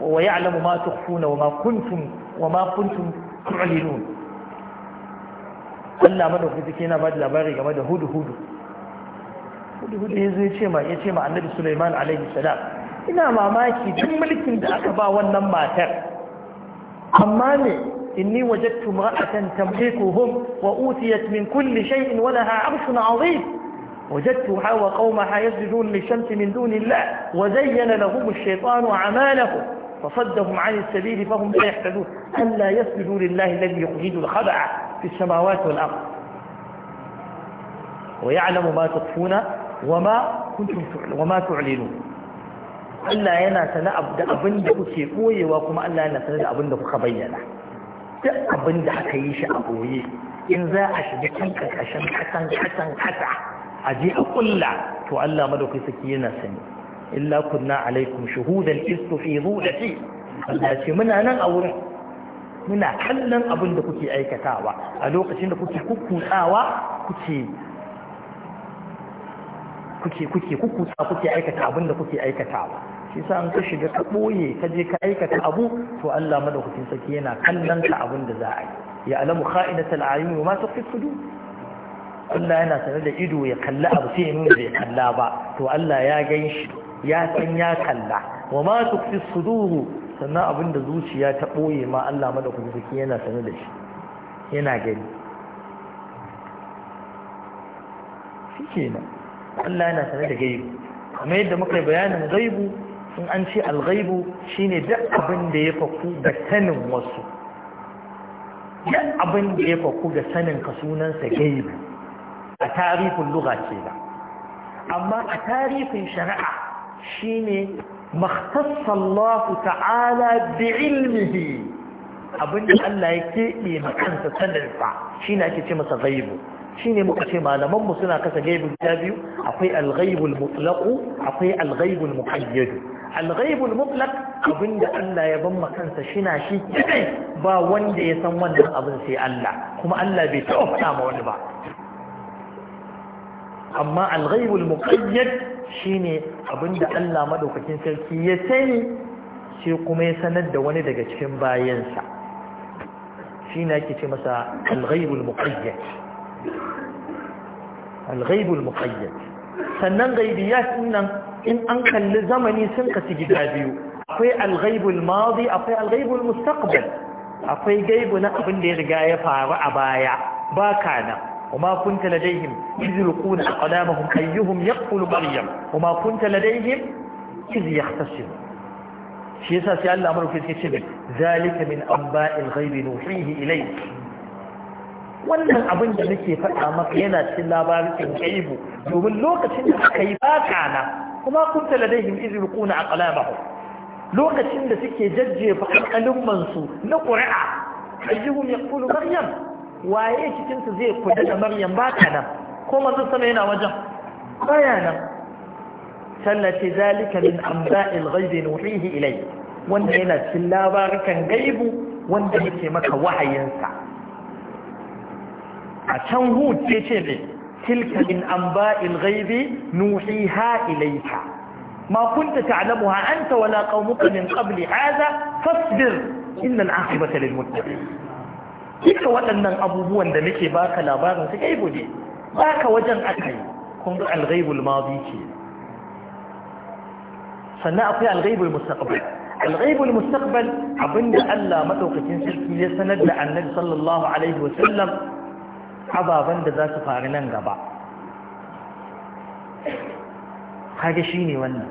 wa ya'lamu ma tukhfuna wa ma kuntum wa ma kuntum tu'linun Allah madaukaki yana ba da labari game da hudu hudu hudu hudu ya zo ya ce ma ya ce ma annabi Sulaiman alaihi salam ina mamaki duk mulkin da aka ba wannan matar amma ne inni wajadtu ra'atan tamlikuhum wa utiyat min kulli shay'in wa laha 'arshun 'azim وجدتها وقومها يسجدون للشمس من دون الله وزين لهم الشيطان أعمالهم فصدهم عن السبيل فهم لا يحتدون ألا يسجدوا لله الذي يخرج الخبع في السماوات والأرض ويعلم ما تخفون wama kuntum Allah yana sana da abin da kuke koyewa kuma Allah yana sana da abin da kuka bayyana duk abin da aka yi shi a boye in za a shiga kan kashin kasan a je a kulla to Allah madaukai saki yana sani illa kunna alaikum shuhudan istufidu da fi Allah ce muna nan a wurin muna kallon abin da kuke aikatawa a lokacin da kuke kukkutsawa kuke kuke kuke kukuta kuke aikata abin da kuke aikatawa shi sa an ka shiga ka ɓoye ka je ka aikata abu to Allah madaukakin sarki yana kallon ka abin da za a yi ya alamu kha'inatal ayun wa ma tukhfi sudur Allah yana sanar da ido ya kalli abu sai ya nuna bai kalla ba to Allah ya gan shi ya san ya kalla wa ma tukhfi sudur sannan abin da zuciya ta ɓoye ma Allah madaukakin sarki yana sanar da shi yana gani shi kenan Allah yana tare da gaibu kuma yadda muka yi bayanin gaibu in an ce shi shine duk abin da ya faku da sanin wasu duk abin da ya faku da sanin ka sunansa gaibu a tarihin lugha ce ba amma a tarihin shari'a shine makhtassa Allah ta'ala bi ilmihi abin da Allah ya keɓe makansa kansa shi shine ake ce masa gaibu shine muka ce malaman mu suna kasa gaibin ta biyu akwai al-ghaibul mutlaq akwai al-ghaibul muqayyad al mutlaq abinda Allah ya ban kansa shina shi kai ba wanda ya san wannan abin sai Allah kuma Allah bai taɓa faɗa ma wani ba amma al-ghaibul muqayyad shine abinda Allah madaukakin sarki ya sani sai kuma ya sanar da wani daga cikin bayansa shine ake ce masa al-ghaibul muqayyad alghaibul muqayyad sannan ghaibiyat nan in an kalli zamani sun kasu gida biyu akwai alghaibul madi akwai alghaibul mustaqbal akwai gaibu na abin da ya riga ya faru a baya ba kana وما كنت لديهم إذ يلقون أقلامهم أيهم يقتل مريم وما كنت لديهم إذ يختصمون شيء يسا سيال الأمر في الكتب ذلك من أنباء الغيب نوحيه إليك wannan abin da nake faɗa maka yana cikin labarin gaibu domin lokacin da aka yi baka na kuma kunta ladaihim iz a aqlamahum lokacin da suke jajjefa alƙalin na ƙuri'a ayyuhum Kulu maryam waye cikin su zai kula da maryam baka nan ko manzo sama yana wajen baya nan sallati zalika min amba'il ghaibi nuhihi ilayk Wanda yana cikin labarukan gaibu wanda yake maka wahayinsa a can hud sai ce ne tilka min anba'il ghaibi nuhiha ilayka ma ha an ta wala qaumuka min qabli hadha fasbir innal aqibata lil muttaqin duka waɗannan abubuwan da muke ba ka labarin su gaibu ne ka wajen akai kun ga al-ghaibul madi ce sannan akwai al-ghaibul mustaqbal الغيب المستقبل عبند ألا مدوقة سلكية da لأن sallallahu alaihi wa sallam. ababen da za su faru nan gaba kage shi ne wannan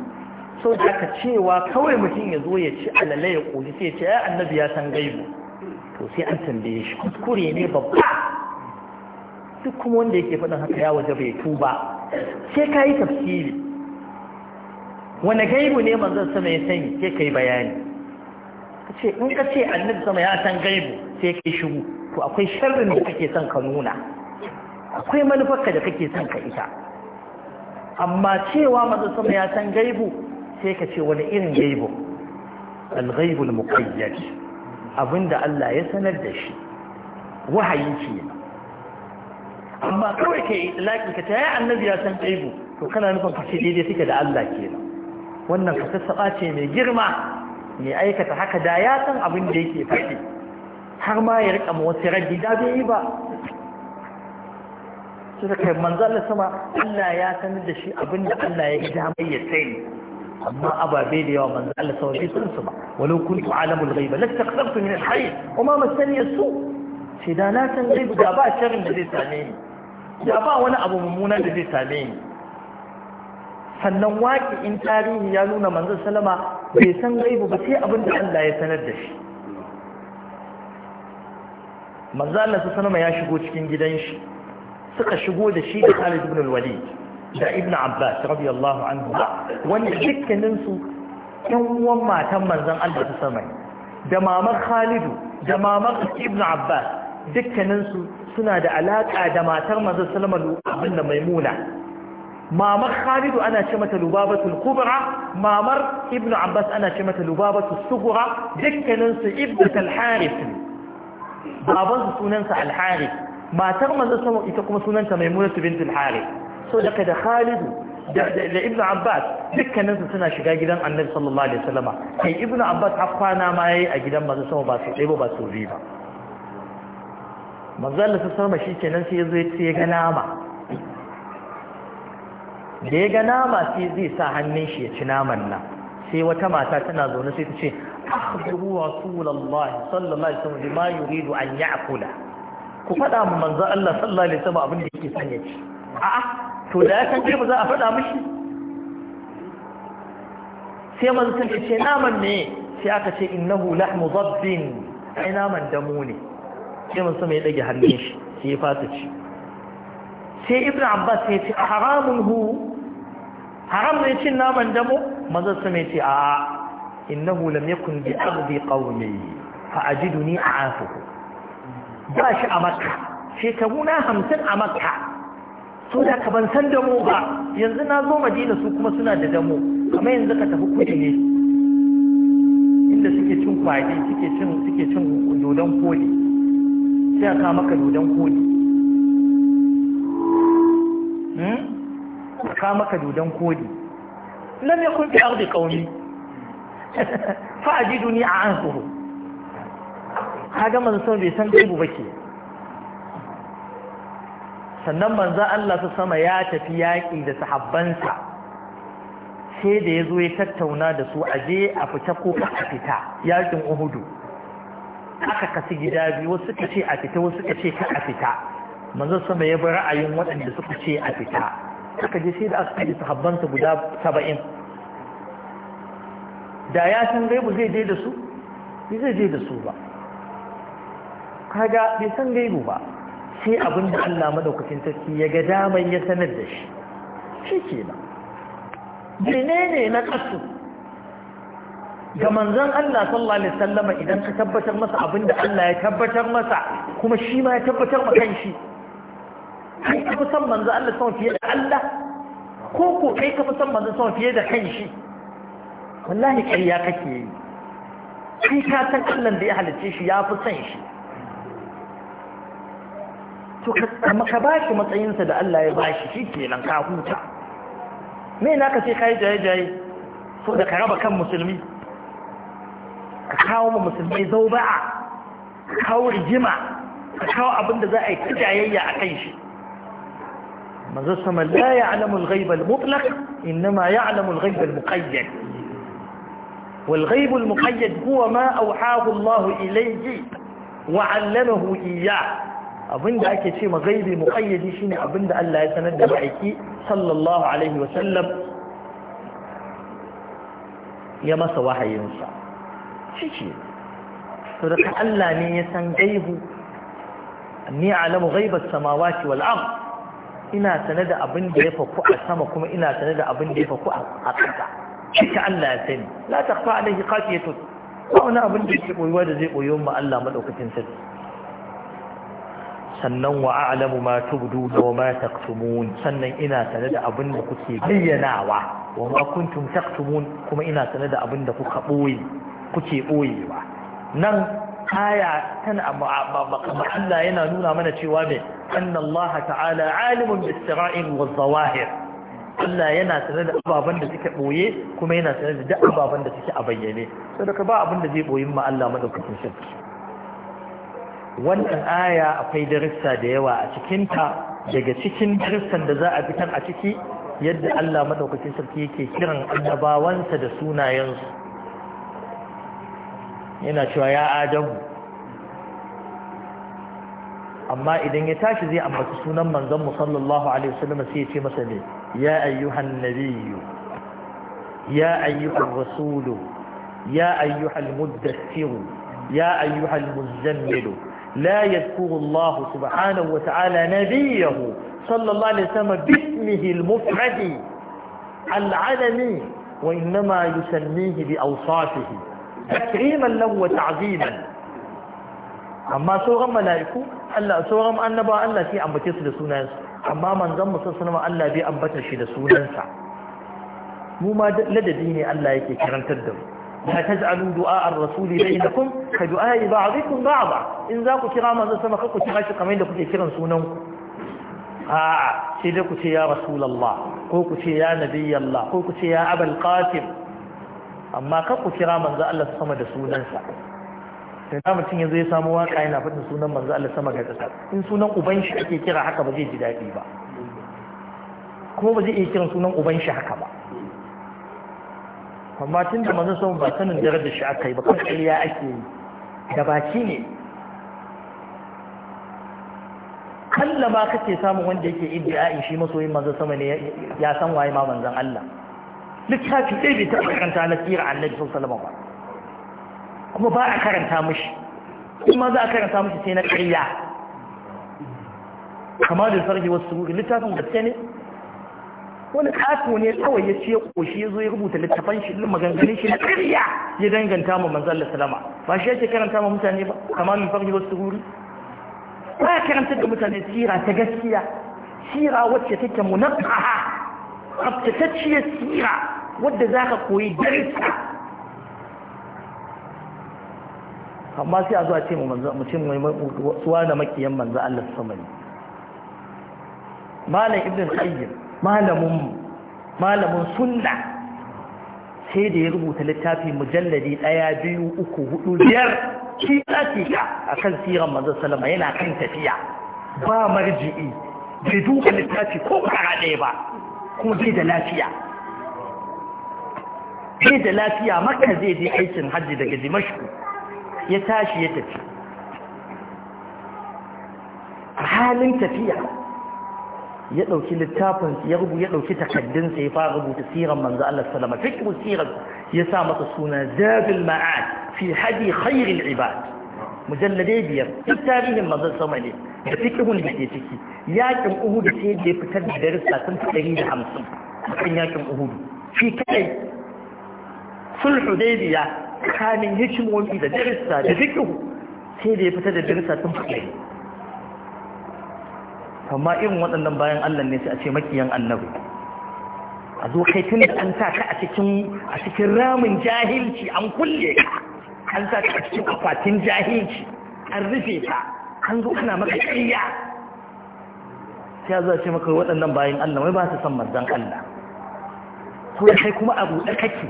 sau da aka cewa kawai mutum ya zo ya ci alalai ya ƙoji sai ce 'Yan annabi ya san gaibu to sai an tambaye shi kuskure ne babba duk kuma wanda yake faɗin haka ya waje bai tuba sai ka yi tafsiri wani gaibu ne manzon sama ya sani sai ka yi bayani ce in ka ce annabi sama ya san gaibu sai kai shigo to akwai sharrin da kake son ka nuna akwai manufarka da kake son ka ita amma cewa manzo sama ya san gaibu sai ka ce wani irin gaibu al-ghaibu al-muqayyad abinda Allah ya sanar da shi wahayi ce amma kawai kai laki ka tayi annabi ya san gaibu to kana nufin ka ce daidai suke da Allah kenan wannan ka sassaɓa ce mai girma mai aikata haka da ya san abin da yake faɗi har ma ya riƙa wasu raddi da bai yi ba su da kai manzo Allah sama Allah ya sanar da shi abin da Allah ya yi damar ya ne amma ababe da yawa manzo Allah sama bai sun su ba walau kuntu alamul ghaiba lastaqtartu min al-hayy wa ma masani su. sai da na san gaibu da ba sharrin da zai same ni da ba wani abu mummuna da zai same ni sannan waƙi in tarihi ya nuna manzo sallama bai san gaibu ba sai abin da Allah ya sanar da shi manzo Allah su sanama ya shigo cikin gidan shi suka shigo da shi da Khalid ibn al-Walid da Ibn Abbas radiyallahu anhu wanda dukkanin su ɗan uwan matan manzon Allah su sama da mamar Khalid da mamar Ibn Abbas dukkanin su suna da alaka da matar manzon Sallallahu alaihi wasallam abinda Maimuna mamar khalidu ana ce mata lubabatul kubra mamar ibnu abbas ana ce mata lubabatul sugura dukkaninsu ibnu talharif babansu sunansa alharif matar manzo sama ita kuma sunanta maimunatu bint alharif so daga da khalidu da ibnu abbas dukkaninsu suna shiga gidan annabi sallallahu alaihi wasallama kai ibnu abbas har ma yayi a gidan manzo sama ba su ba su ba manzo Allah sallallahu alaihi wasallama shikenan sai ya zo ya ce ya ga nama da ya ga nama sai zai sa hannun shi ya ci naman nan sai wata mata tana zaune sai ta ce akhbiru rasulullah sallallahu alaihi wasallam bima yuridu an ya'kula ku faɗa mu manzo Allah sallallahu alaihi wasallam abin da yake son ya ci a'a to da ya san ba za a faɗa mishi sai manzo sun ce naman ne sai aka ce innahu lahmu dabbin ai naman damu ne sai manzo mai dage hannun shi sai ya fasa ci sai ibn abbas ya ce haramun hu haram ne cin naman damo mazan su mai ce a innahu lam yakun bi ardi qawmi fa ajiduni a'afuhu ba shi a makka shekaru na hamsin a makka so da ka ban san damo ba yanzu na zo madina su kuma suna da damo kamar yanzu ka tafi kudi ne inda suke cin kwaɗi suke cin suke cin dodon koli sai ka maka dodon koli saka maka dudan kodi lam yakun fi ardi qaumi *laughs* fa ajiduni a ansuhu kaga manzo bai san gaibu bake sannan manzo Allah su sama ya tafi yaƙi da sahabbansa sai da ya zo ya tattauna da su a je a fita ko a fita yaƙin Uhudu aka kasu gida biyu wasu suka ce a fita wasu suka ce ka a fita manzo sama ya bi ra'ayin waɗanda suka ce a fita suka je sai da aka kaji sahabbansa guda saba'in da ya san gaibu zai je da su bai zai je da su ba kaga bai san gaibu ba sai abin da Allah madaukakin sarki ya ga daman ya sanar da shi shi ke nan menene na kasu ga manzon Allah sallallahu alaihi wasallam idan ka tabbatar masa abin da Allah ya tabbatar masa kuma shi ma ya tabbatar ma kanshi shi kai ka fi san manzo Allah sama fiye da Allah ko ko kai ka fi san manzo sama fiye da kanshi wallahi ƙarya kake yi kai ka san Allah da ya halicce shi ya fi san shi to kama ka ba shi matsayinsa da Allah ya ba shi ke nan ka huta me na ka ce kai jaye jaye so da ka raba kan musulmi ka kawo ma musulmai zauba'a ka kawo rigima ka kawo abin da za a yi ta jayayya a kan shi مزسما لا يعلم الغيب المطلق إنما يعلم الغيب المقيد والغيب المقيد هو ما أوحاه الله إليه وعلمه إياه ي ا ه أبن د ا شيء غيب مقيد شيء أبن د الله يتندى بعك صلى الله عليه وسلم يا ما سواها ينسى شيء شيء فلك الله ن يسن غيب ن يعلم غيب السماوات والأرض ina sane da abin da ya faku a sama kuma ina sane da abin da ya faku a ƙasa shika Allah ya sani la taqfa alaihi qafiyatun ba wani abin da yake koyuwa da zai koyo mu Allah madaukakin sarki sannan wa a'lamu ma tubdu wa ma taktumun sannan ina sane da abin da kuke bayyanawa wa ma kuntum taktumun kuma ina sane da abin da kuka boye kuke boyewa nan aya tana Allah yana nuna mana cewa mai annallaha ta'ala alimun bisra'il wa zawahir Allah yana sanar da ababen da suke boye kuma yana sanar da duk ababen da suke a bayyane ka ba abin da zai boye ma Allah madaukakin shi wannan aya akwai darussa da yawa a cikinta daga cikin darussan da za a fitar a ciki yadda Allah madaukakin sarki yake kiran annabawansa da sunayensu yana cewa ya adamu amma idan ya tashi zai ambaci sunan manzon mu sallallahu alaihi wasallam sai ya ce masa ne ya ayyuhan nabiyyu ya ayyuhan rasulu ya ayyuhal muddathir ya ayyuhal muzammil la yadhkuru Allah subhanahu wa ta'ala nabiyyahu sallallahu alaihi wasallam bismihi al-mufradi al-alami وإنما يسميه بأوصافه takriman lahu wa ta'ziman amma sauran mala'iku Allah sauran annaba Allah sai ambace su da sunansu amma manzon musa sunama Allah bai ambata shi da sunansa mu ma ladabi ne Allah yake karantar da mu la taj'alu du'a ar-rasuli bainakum ka du'a ba'dikum ba'da in za ku kira manzon sama ka ku kira shi kamar da kuke kiran sunan a'a sai dai ku ce ya rasulullah ko ku ce ya nabiyallah ko ku ce ya amma kan ku kira manzo Allah sama da sunansa da mutun yanzu ya samu waka yana faɗin sunan manzo Allah sama ga ƙasa in sunan uban shi ake kira haka ba zai ji daɗi ba kuma ba zai iya kiran sunan uban shi haka ba amma tun da manzo sama ba sanin darajar shi akai yi ba kuma ƙarya ake yi da baki ne kalla ba kake samun wanda yake iddia'in shi masoyin manzo sama ne ya san waye ma manzon Allah littafi ɗaya bai taɓa karanta na tsira annabi sallallahu ba kuma ba a karanta mishi kuma za a karanta mishi sai na ƙarya kama da sarki wasu ruri littafin gaske ne wani kato ne kawai ya ce koshi ya zo ya rubuta littafan shi maganganun shi na ƙarya ya danganta ma manzan salama ba shi yake karanta ma mutane ba kama min farji wasu ruri ba ya karanta da mutane tsira ta gaskiya Tsira wacce take munabbaha tsabtatacciyar tsira. wadda za ka koyi darisa amma sai a zuwa ce mu mutum mai suwa da makiyan manzo Allah su ne malam ibn qayyim malamin malamin sunna sai da ya rubuta littafi mujalladi ɗaya biyu uku hudu biyar shi tsakika akan siran manzo sallama yana kan tafiya ba marji'i bai duka littafi ko kara ɗaya ba kuma bai da lafiya bai da lafiya makka zai je aikin hajji daga dimashku ya tashi ya tafi a halin tafiya ya ɗauki littafin ya rubu ya ɗauki takaddunsa ya fara rubuta siran manzo Allah sallama fikru siran ya sa masa suna zabil ma'ad fi hadi khairil ibad mujalladai biyar duk tarihin manzo sama ne da fikrun da ke ciki yakin uhudu sai da fitar da darussa sun fi 150 akan yakin uhudu shi kai sulhu daidiya kamin hikimomi da darissa da fikihu sai da ya fita da darissa sun fi amma irin waɗannan bayan Allah ne sai a ce makiyan annabi a zo kai tun da an saka a cikin a cikin ramin jahilci an kulle ka an saka a cikin akwatin jahilci an rufe ka an zo kana maka ƙarya sai a a ce maka waɗannan bayan Allah wai ba su san mazan Allah ko kai kuma abu da kake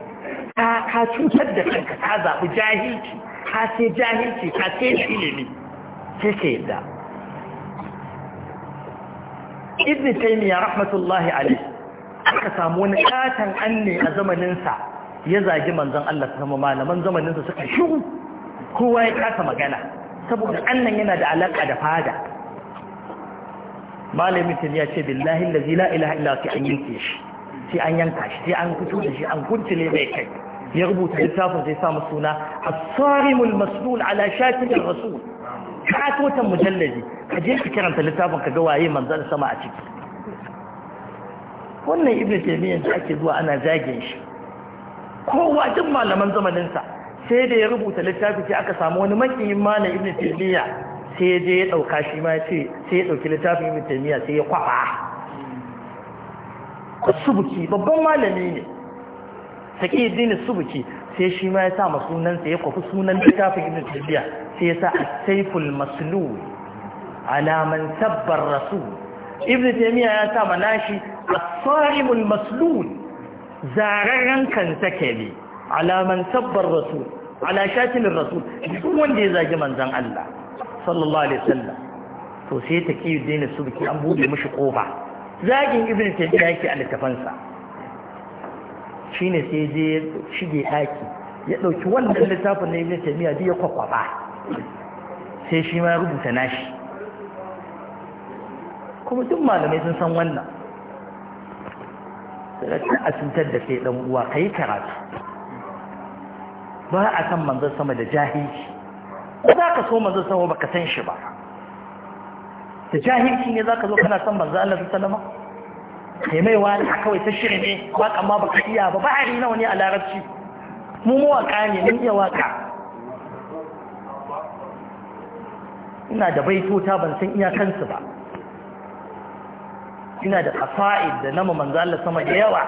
ka cutar da kanka ka zaɓi jahilci ka ce jahilci ka ce ilimi sai ka yadda ibn taymiya rahmatullahi alaihi aka samu wani katan anne a zamaninsa ya zagi manzon Allah kuma malaman zamaninsa suka shiru kowa ya kasa magana saboda annan yana da alaka da fada malamin ya ce billahi allazi la ilaha illa hu an yanke shi sai an yanka shi sai an fito da shi an kuntule mai kai ya rubuta littafin zai samu suna as-sarimul masdul ala shakin rasul ka tota mujallaji ka je ka karanta littafin ka ga waye manzon sama a ciki wannan ibnu taymiyyah da ake zuwa ana zagin shi kowa duk malaman zamanin sa sai da ya rubuta littafi sai aka samu wani makiyin malam ibnu taymiyyah sai je ya dauka shi ma ya ce sai ya dauki littafin ibnu taymiyyah sai ya kwafa subuki babban malami ne sake dini subuki sai shi ma ya sa ma sunansa ya kwafi sunan littafin ibn tabiya sai ya sa as-sayful maslul ala man sabba rasul ibn taymiya ya sa ma nashi as-sarimul maslul zararran kan take ne ala man sabba rasul ala shatin rasul duk wanda ya zagi manzon Allah sallallahu alaihi wasallam to sai take dini subuki an bude mishi kofa zagin ibn tabiya yake a littafansa ne sai je shige haki ya ɗauki wannan littafin na ibn taymiya ya kwakwaba sai shi ma ya rubuta nashi kuma duk malamai sun san wannan sai a cutar da sai ɗan uwa kai karatu ba a san manzon sama da jahilci ba za ka so manzon sama baka san shi ba da jahilci ne za ka zo kana san manzon Allah sallallahu alaihi wasallam kai mai wani kawai ta shirin ne kama ma ka iya ba bahari nawa ne a larabci mu waka ne mun iya waka. ina da baitota ban san iya kansu ba ina da kafa'id da nama manzo Allah sama da yawa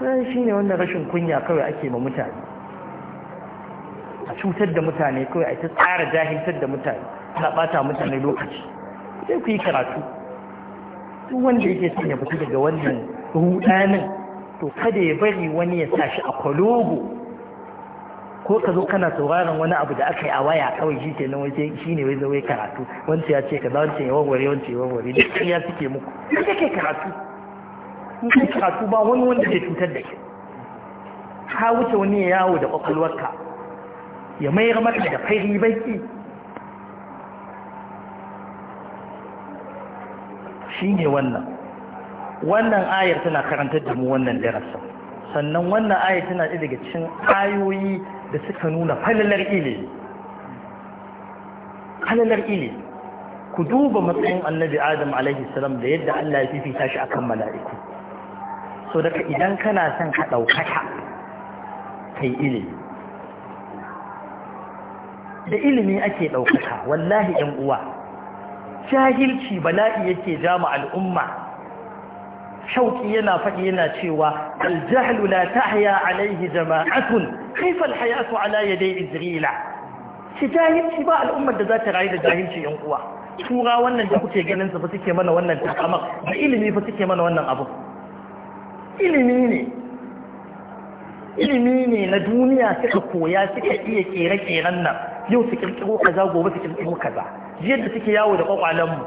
sai shi ne wanda rashin kunya kawai ake ma mutane a cutar da mutane kawai a ta tsara jahiltar da mutane na ɓata mutane lokaci sai ku yi karatu duk wanda yake son ya fita daga wannan rudanin to kada ya bari wani ya sa shi a kwalogo ko ka zo kana sauraron wani abu da aka yi a waya kawai shi kenan waje shi ne wai zawai karatu wancan ya ce ka za wancan ya warware wancan ya warware duk ya suke muku duk kake karatu in kai karatu ba wani wanda zai cutar da ke. ka wuce wani yawo da kwakwalwarka ya mayar maka da fari baki Shi ne wannan wannan ayar tana karantar da mu wannan darasa sannan wannan ayar tana ɗaya daga cikin ayoyi da suka nuna falalar ilimi falalar ile ku duba matsayin annabi adam alaihi salam da yadda Allah ya fifita shi akan mala'iku so daga idan kana son ka ɗaukaka kai ilimi da ilimi ake ɗaukaka wallahi 'yan uwa jahilci bala'i yake jama al'umma shauki yana faɗi yana cewa aljahlu la tahya alaihi jama'atun kaifa alhayatu ala yaday izrila shi jahilci ba al'ummar da za ta rayu da jahilci yan uwa tura wannan da kuke ganin su fa suke mana wannan takamar da ilimi fa suke mana wannan abu ilimi ne ilimi ne na duniya suka koya suka iya kere-keren nan yau su kirkiro kaza gobe su kirkiro kaza jiyar da suke yawo da kwakwalenmu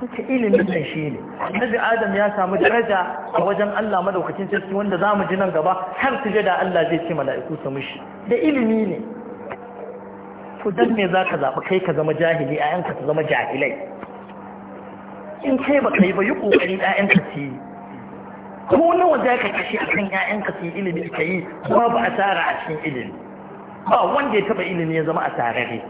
suke ilimin nan shi ne annabi adam ya samu daraja a wajen Allah madaukakin sarki wanda zamu ji nan gaba har sujada Allah zai ce mala'iku su mishi da ilimi ne to dan me zaka zaɓi kai ka zama jahili a yanka su zama jahilai in kai ba kai ba yi kokari ɗayanka su yi ko nawa za ka kashe a kan ‘ya'yanka su yi ilimi ka yi babu asara a cikin ilimi ba wanda ya taba ilimi ya zama a tarare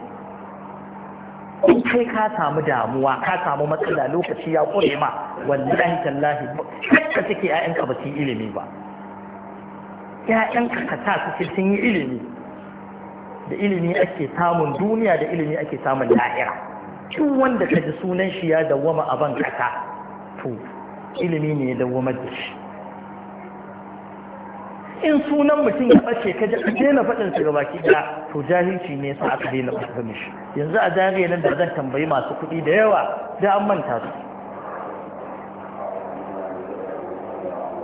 in kai ka samu damuwa ka samu matsala lokaci ya kure ma wallahi tallahi kakka take ka ba su yi ilimi ba yayan ka sa su sun yi ilimi da ilimi ake samun duniya da ilimi ake samun lahira duk wanda ka ji sunan shi ya dawwama a ban kasa to ilimi ne ya dawwama da shi in sunan mutum ya ɓace ka ji na faɗin su gabaki ɗaya to jahilci ne sa aka daina ɓace mishi yanzu a jariya nan da zan tambayi masu kuɗi da yawa da an manta su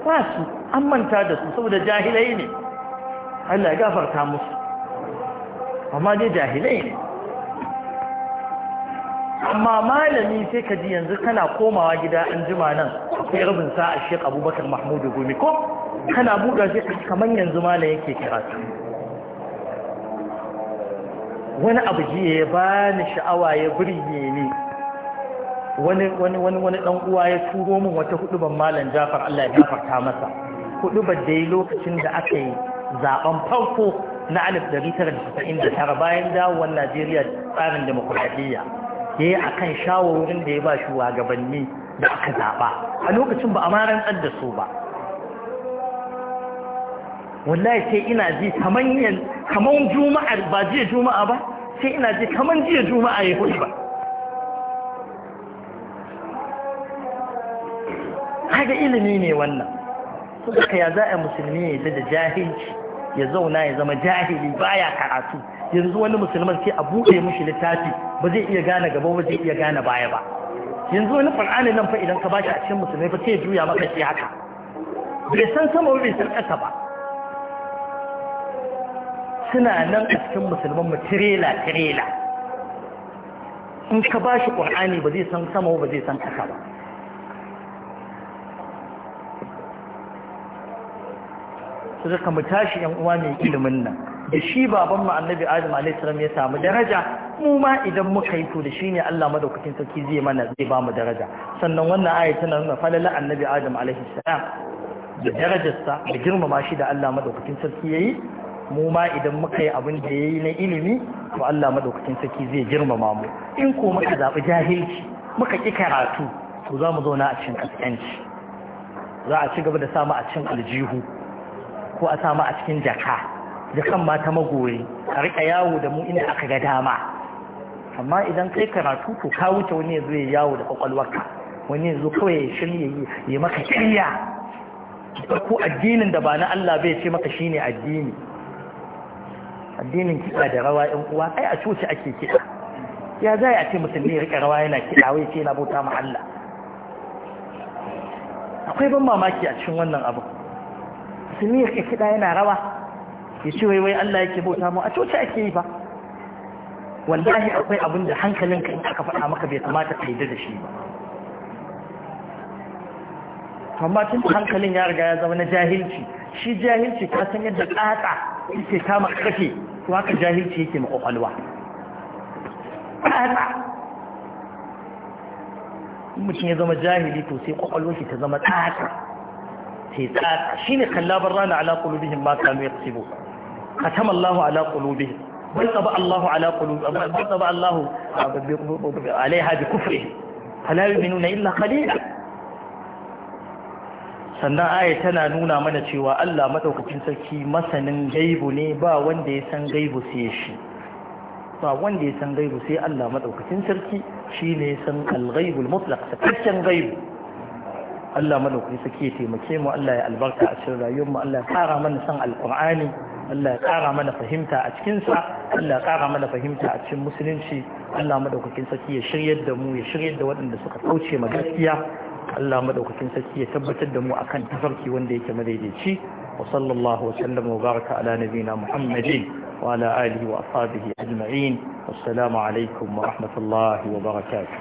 ba su an manta da su saboda jahilai ne Allah ya gafarta musu amma dai jahilai ne amma malami sai ka ji yanzu kana komawa gida an jima nan akwai rabin sa'a shek abubakar mahmudu gumi ko kana buɗa shi kamar yanzu malam yake karatu wani abu jiya ya ba ni sha'awa ya birge ni wani wani dan uwa ya turo min wata huduban malam Jafar Allah ya gafarta masa hudubar da yi lokacin da aka yi zaben farko na 1999 bayan dawowar Najeriya tsarin demokradiyya ya yi akan wurin da ya ba gabanni da aka zaɓa. a lokacin ba a ma da su ba wallahi sai ina ji kaman kaman juma'a ba jiya juma'a ba sai ina ji kaman jiya juma'a ya hudu ba kaga ilimi ne wannan saboda kaya za a musulmi ya da jahilci ya zauna ya zama jahili baya karatu yanzu wani musulman sai a buɗe mushi littafi ba zai iya gane gaba ba zai iya gane baya ba yanzu wani qur'ani nan fa idan ka bashi a cikin musulmai fa sai juya maka shi haka bai san sama bai san ƙasa ba suna nan a cikin musulman mu tirela tirela in ka ba shi ƙur'ani ba zai san sama ba zai san ƙasa ba su zaka mu tashi yan uwa mai ilimin nan da shi baban mu annabi adam alaihi salam ya samu daraja mu ma idan muka yi to da shi ne Allah madaukakin sarki zai mana zai ba mu daraja sannan wannan aya tana nuna falala annabi adam alaihi salam da darajarsa da girmama shi da Allah madaukakin sarki yayi mu ma idan muka yi abin da ya yi na ilimi to Allah maɗaukacin sarki zai girmama mu in ko muka zaɓi jahilci muka ƙi karatu to za mu zauna a cikin ƙasƙanci za a ci gaba da samu a cikin aljihu ko a samu a cikin jaka jakan ma ta magoyi a riƙa yawo da mu inda aka ga dama amma idan kai karatu to ka wuce wani yanzu ya yawo da kwakwalwarka wani yanzu kawai ya shirya yi maka kirya ko addinin da ba na Allah bai ce maka shine addini addinin kiɗa da rawa ‘yan uwa ai a coci ake kiɗa ya za a ce musulmi rike rawa yana kiɗa wai ce yana bauta ma'alla Allah akwai ban mamaki a cikin wannan abu musulmi rike kiɗa yana rawa ya ce wai wai Allah yake bauta mu a coci ake yi ba wallahi akwai abin da hankalinka in aka faɗa maka bai kamata ka yi da shi ba amma tun hankalin ya riga ya zama na jahilci shi jahilci ka san yadda ƙaƙa yake kama kake to haka jahilci yake ma kwakwalwa mutum ya zama jahili to sai kwakwalwar shi ta zama tsatsa sai tsatsa shi ne kallabar rana ala kulubihim ma kanu ya tsibo katam Allahu ala kulubihim tsaba Allahu ala kulubihim tsaba Allahu alaiha bi kufrihim fala yu'minuna illa qalila sannan aya tana nuna mana cewa Allah madaukakin sarki masanin gaibu ne ba wanda ya san gaibu sai shi ba wanda ya san gaibu sai Allah madaukakin sarki shine ya san al-ghaibul mutlaq sakaccen gaibu Allah madaukakin sarki ya taimake mu Allah ya albarka a cikin rayuwar mu Allah ya kara mana san alqur'ani Allah ya kara mana fahimta a cikinsa Allah ya kara mana fahimta a cikin musulunci Allah madaukakin sarki ya shiryar da mu ya shiryar da waɗanda suka kauce ma gaskiya Allah madaukakin sarki ya tabbatar da mu akan tafarki wanda yake madaidaici wa sallallahu wa sallam wa baraka ala nabina Muhammadin wa ala alihi wa ashabihi ajma'in assalamu alaikum wa rahmatullahi wa barakatuh